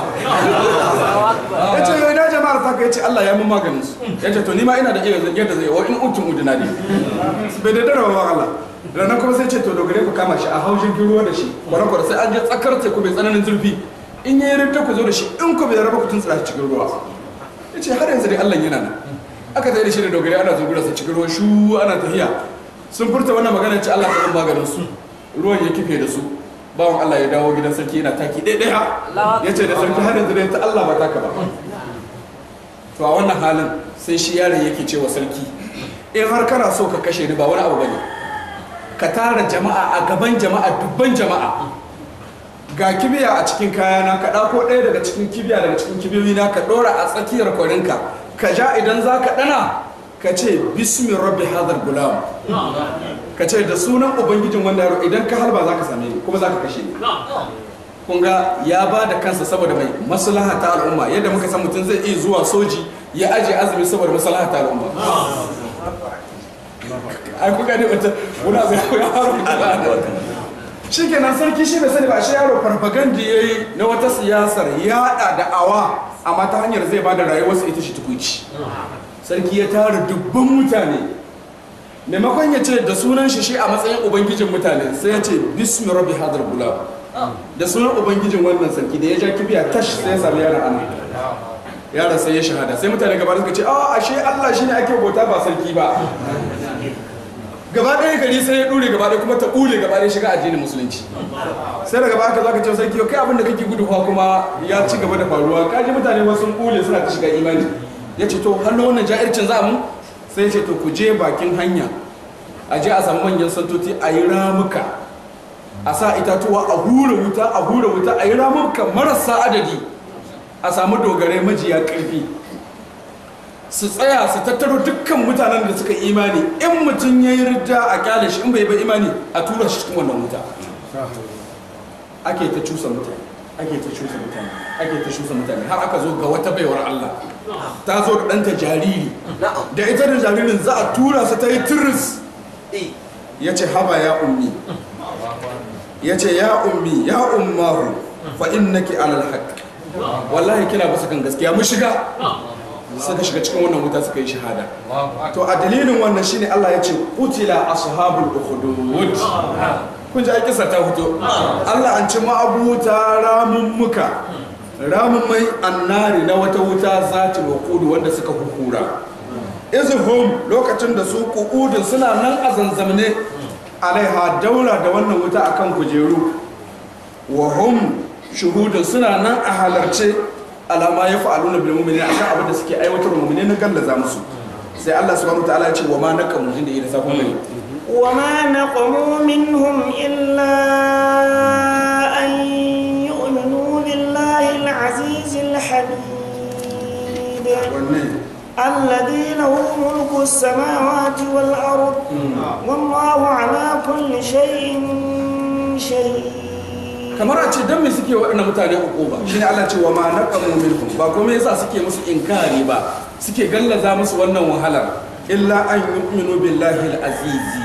ya ce yau ina jama'ar taka ya ce Allah ya mun maganin su ya ce to ni ma ina da iya yadda zai wa in utun udina ne bai da darawa Allah ranar kuma sai ce to dogare ku kama shi a haushin jirgin ruwa da shi kwanan sai an je tsakar teku mai tsananin zurfi in ya yi rinta ku zo da shi in ku bai raba ku tuntsura shi cikin ruwa ya ce har yanzu dai allah yana nan aka tsaye da shi da dogare ana zungura su cikin ruwa shu ana tafiya sun furta wannan magana ce allah ta maganin su ruwan ya kife da su bawan allah ya dawo gidan sarki yana taki ɗaiɗaya ya ce da sarki har yanzu dai ta allah ba taka ba to a wannan halin sai shi yaron yake cewa sarki in har kana so ka kashe ni ba wani abu bane ka tara jama'a a gaban jama'a dubban jama'a ga kibiya a cikin kayana ka ɗako ɗaya daga cikin kibiya daga cikin kibiyoyi na ka ɗora a tsakiyar kwarinka ka ja idan za ka ɗana ka ce bismi rabbi hadar gulam ka ce da sunan ubangijin wanda ya idan ka halba za ka same ni kuma za ka kashe ni ya ba da kansa saboda mai maslaha ta al'umma yadda muka san mutum zai iya zuwa soji ya aje azumi saboda maslaha ta al'umma ai kuka ne wata wani abu ya yaro shi nan sarki shi bai sani ba shi yaro farfagandi ya yi na wata siyasar yaɗa da awa amma ta hanyar zai ba da su ita shi tukuici sarki ya tara dubban mutane maimakon ya ce da sunan shi shi a matsayin ubangijin mutane sai ya ce bismi rabbi hadar gula da sunan ubangijin wannan sarki da ya ja kibiya tash sai ya sami yaron annabi yaron sai ya shahada sai mutane gaba suka ce a ah, ashe Allah shine ake bauta ba sarki ba gaba ɗaya gari sai ya ɗure gaba ɗaya kuma ta ɓule gaba ɗaya shiga addinin musulunci sai daga baka zaka ce sarki kai abin da kake guduwa kuma ya ci gaba da faruwa kaji mutane wasu sun suna ta shiga imani ya ce to hannu wannan ja'ircin za mu sai ya ce to ku je bakin hanya a je a samu manyan santoti a yi ramuka a sa itatuwa a hura wuta a hura wuta a yi ramuka marasa adadi a samu dogarai majiya ƙarfi su tsaya su tattaro dukkan mutanen da suka imani in mutum ya yi ridda a kyale shi in bai bai imani a tura shi cikin wannan wuta ake ta cusa mutane ake ta cusa mutane ake ta cusa mutane har aka zo ga wata baiwar Allah ta zo da ɗanta jariri da ita da jaririn za a tura su ta yi turis. ya ce haba ya ummi ya ce ya ummi ya ummahu fa innaki alal haqq wallahi kina ba su kan gaskiya mu shiga suka shiga cikin wannan wuta suka yi shahada to a dalilin wannan shine Allah ya ce qutila ashabul ukhdud kun ji kisa ta fito Allah an ce ma'abuta ramun muka ramun mai annari na wata wuta zati waqudu wanda suka hukura izhum lokacin da su kuudin suna nan a zanzamne alaiha daura da wannan wuta akan kujeru wa hum suna nan a halarce alama ya fa'aluna bil mu'minina akan abin da suke aiwatar mu'minina gallaza musu sai Allah subhanahu wataala ya ce wa ma naqamu jin da yi da safon gari wa ma naqamu minhum illa an yu'minu billahi al-aziz al-hamid الذي له ملك السماوات والأرض والله على كل شيء شهيد kamar a ce dan me suke waɗannan mutane shi shine Allah ce wa ma naqamu ba kuma yasa suke musu inkari ba suke gallaza musu wannan wahalar illa an yu'minu billahi al-azizi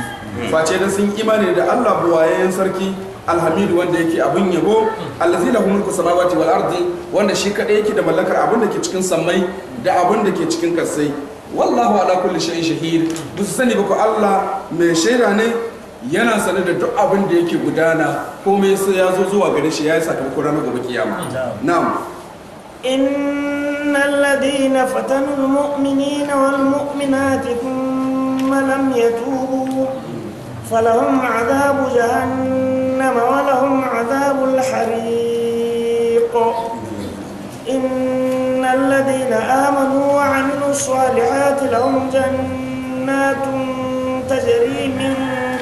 face da sun imani da Allah buwayen sarki alhamidu wanda yake abin yabo allazi lahu mulku samawati wal ardi wanda shi kadai yake da mallakar abin da ke cikin sammai da abin da ke cikin kasai wallahu ala kulli shay'in shahid duk sani ba ko Allah mai shaida ne yana sane da duk abin da yake gudana komai sai ya zo zuwa gare shi ya yi sakamako ranar gobe kiyama na'am innal ladina fatanu almu'minina wal mu'minati thumma lam yatubu falahum adhabu jahannam wa lahum adhabul hariq innal ladina amanu wa 'amilus salihati lahum jannatun tajri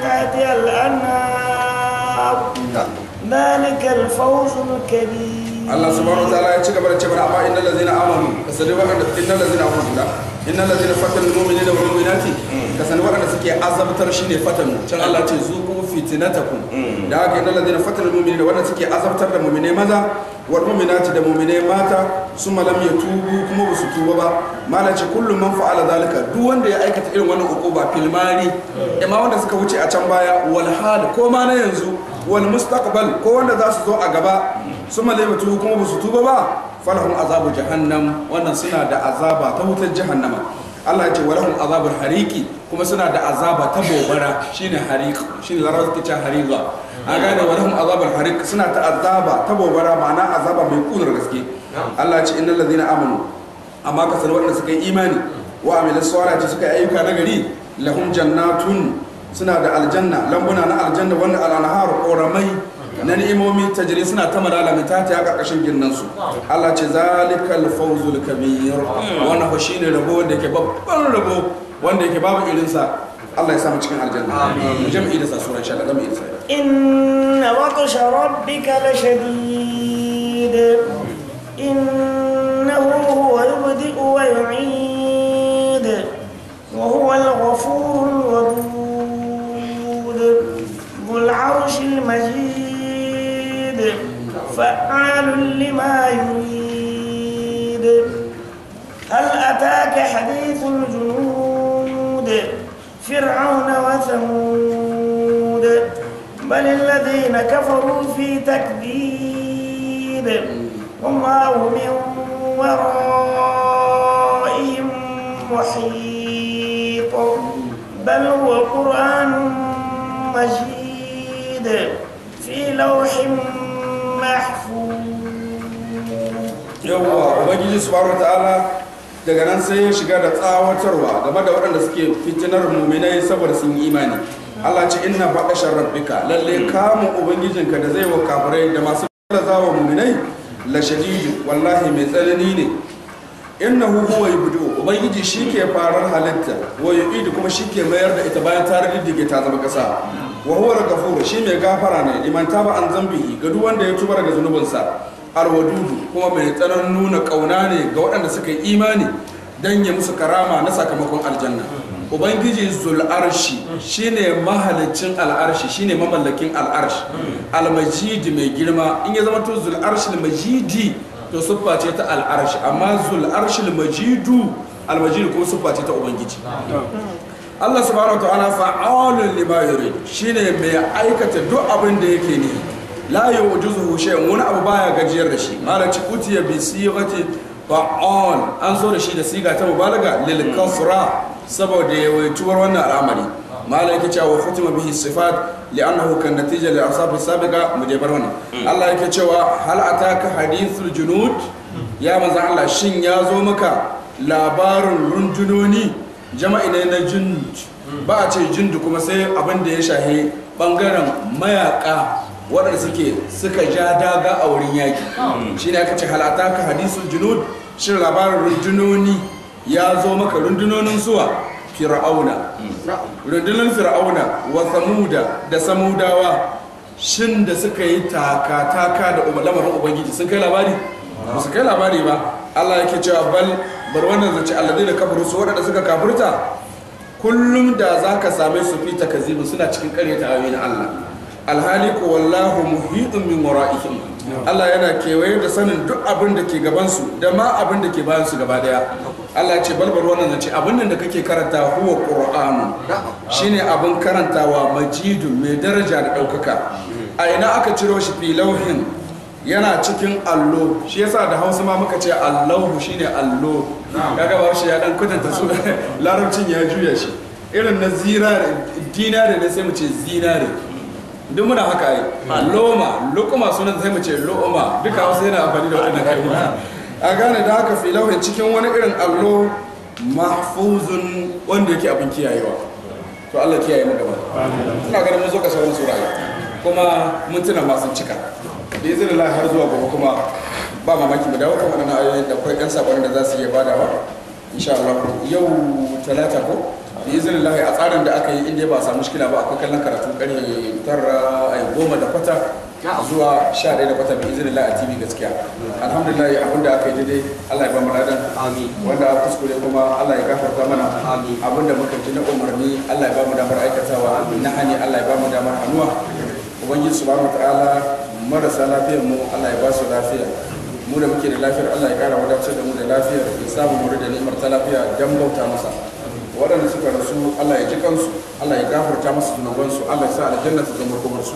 تحتها الأنهار نعم. ذلك الفوز الكبير Allah subhanahu wa ta'ala ya ci gaba da cewa amma innal ladzina amanu kasani wa'anda innal ladzina amanu innal ladzina fatanu mu'minina wal mu'minati kasani wa'anda suke azabtar ne fatanu can Allah ce ku fitnatakum da haka innal ladzina fatanu mu'minina wanda suke azabtar da muminai maza wal mu'minati da muminai mata summa lam yatubu kuma ba su tuba ba malan ce kullu man fa'ala zalika duk wanda ya aikata irin wannan hukuba filmari amma wanda suka wuce a can baya wal hal ko ma na yanzu wal mustaqbal ko wanda za su zo a gaba sun malaiba tubu kuma ba su tuba ba falahun azabu jahannam wannan suna da azaba ta wutar jahannama Allah ya ce walahun azabar hariki kuma suna da azaba ta bobara shine harik shine larar ta hariza a gane walahun azabar harik suna ta azaba ta bobara ma'ana azaba mai kunar gaske Allah ya ce innal ladina amanu amma kasar wanda suka yi imani wa amilu salati suka yi ayyuka na gari lahum jannatun suna da aljanna lambuna na aljanna wanda al-anharu na ni'imomi ta jiri suna ta malala mai tati a ƙarƙashin ginnan su Allah ce zalikal fawzul kabir wannan fa shine rabo wanda yake babban rabo wanda yake babu irin sa Allah ya samu cikin aljanna amin jami'i da sasuran sha Allah mai isa inna waqsha rabbika lashadid innahu huwa yubdi'u wa yu'id wa huwa al-ghafurur wadud ذو العرش المجيد فعال لما يريد هل أتاك حديث الجنود فرعون وثمود بل الذين كفروا في تكذيب والله من ورائهم محيط بل هو قرآن مجيد في لوح mahfuz yawa ubangiji subhanahu ta'ala daga nan sai ya shiga da tsawatarwa game da waɗanda suke fitinar muminai saboda sun yi imani Allah ce inna baɗashar rabbika lalle ubangijin ubangijinka da zai wa kafirai da masu gaza wa muminai la shadidu wallahi mai tsanani ne innahu huwa yubdu ubangiji shike farar halitta wa yu'idu kuma shike mayar da ita bayan ta riddige ta zama kasa wa huwa al shi mai gafara ne liman taba an zambihi ga duk wanda ya tuba daga zunubinsa alwadudu kuma mai tsanan nuna kauna ne ga waɗanda suka yi imani dan ya musu karama na sakamakon aljanna ubangiji zul arshi shine mahalicin al'arshi shine mamallakin al'arshi almajidi mai girma in ya zama to zul arshi al-majidi to suffa ce ta al'arshi amma zul arshi al-majidu al ko ko ce ta ubangiji Allah subhanahu wa ta'ala fa'alun lima yurid shine mai aikata duk abin da yake ne la yujuzuhu shay'un wani abu baya gajiyar da shi malaci utiya bi sigati fa'al an zo da shi da siga ta mubalaga lil kasra saboda yawaituwar wannan al'amari malai yake cewa fatima bihi sifat li'annahu kan natija lil asab sabiqa mujabar wannan Allah yake cewa hal ataka hadithul junud ya manzo Allah shin ya zo maka labarin rundunoni jama'i ne na jund ba a ce jund kuma sai abin da ya shahe bangaren mayaka waɗanda suke suka ja daga a wurin yaki shi ne aka ce halata ka hadisul junud shi labarin rundunoni ya zo maka rundunonin suwa fir'auna rundunonin fir'auna wa samuda da samudawa shin da suka yi takataka da lamarin ubangiji sun kai labari ba su kai labari ba Allah yake cewa bal bar wannan zace alladai da kafiru su waɗanda suka kafirta kullum da za ka same su fi takazibu suna cikin karyata ayoyin Allah alhali ko wallahu muhitun min wara'ihim Allah yana kewaye da sanin duk abin da ke gabansu da ma abin da ke bayan su gaba daya Allah ce bal bar wannan zace abin da kake karanta huwa qur'anu shine abin karantawa majidun mai daraja da daukaka a ina aka ciro shi lauhin yana cikin allo shi yasa da hausa ma muka ce allahu shine allo kaga ba shi ya dan kwatanta su <laughs> larabcin ya juya shi irin na zinare dinare ne sai mu ce zinare duk muna haka yi loma lokuma sunan sai mu ce lo'oma duka hausa yana amfani da waɗannan kalmomi a gane da haka filauhin cikin wani irin allo mahfuzun wanda yake abin kiyayewa to Allah kiyaye mu gaba ina ganin mun zo ka wani sura kuma mun tuna masu cika da izinin Allah har zuwa gobe kuma ba mamaki mu dawo kan wannan ayoyin da akwai ɗan sabanin da za su iya badawa insha Allah yau talata ko da izinin Allah a tsarin da aka yi inda ba a samu shikila ba akwai kallon karatu ƙarfe tara ai goma da kwata zuwa sha ɗaya da kwata bi izinin Allah a TV gaskiya alhamdulillah abin da aka yi daidai Allah ya ba mu ladan wanda kuskure kuma Allah ya gafarta mana abin da muka ji na umarni Allah ya ba mu damar aikatawa na hani Allah ya ba mu damar hannuwa ubangiji subhanahu wa ta'ala marasa lafiyar mu Allah ya ba su lafiya mu da muke da lafiyar Allah ya kara wadatar da mu da lafiyar ya samu mu da ni'imar ta lafiya dan bauta masa waɗanda suka rasu Allah ya ji kansu Allah ya gafarta zunuban su Allah ya sa aljanna ta zama makomarsu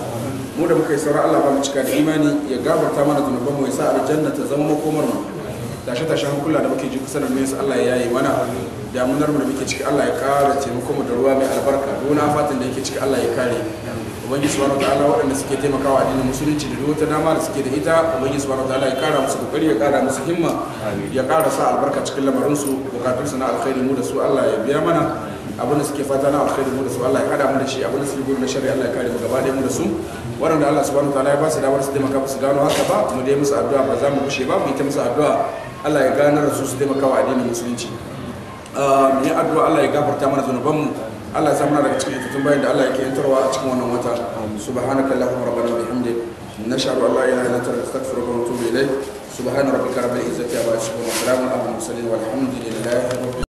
mu da muka yi sauran Allah ba mu cika da imani ya gafarta mana zunuban mu ya sa aljanna ta zama makomar mu tashe tashen hankula da muke ji kusa da mu Allah ya yaye mana damunar mu da muke ciki Allah ya kara taimako mu da ruwa mai albarka gona fatan da yake ciki Allah ya kare ubangiji subhanahu ta'ala waɗanda suke taimakawa addinin musulunci da wata dama da suke da ita ubangiji subhanahu ta'ala ya kara musu kokari ya kara musu himma ya kara sa albarka cikin lamarin su bukatun su na alkhairi mu da su Allah ya biya mana abin da suke fata na alkhairi mu da su Allah ya kada mu da shi abin da suke gudu na shari'a Allah ya kare mu gaba ɗaya mu da su waɗanda Allah subhanahu ta'ala ya ba su damar su taimaka ba su gano haka ba mu dai musu addu'a ba za mu kushe ba mu yi ta musu addu'a Allah ya ganar da su su taimakawa addinin musulunci mu yi addu'a Allah ya gafarta mana mu Allah ya samu daga cikin tutun bayan da Allah yake yantarwa a cikin wannan wata subhanaka allahumma rabbana wa bihamdik nashhadu an la ilaha illa anta astaghfiruka wa atubu ilayk subhana rabbika rabbil izzati amma yasifun wa salamun ala al mursalin walhamdulillahi rabbil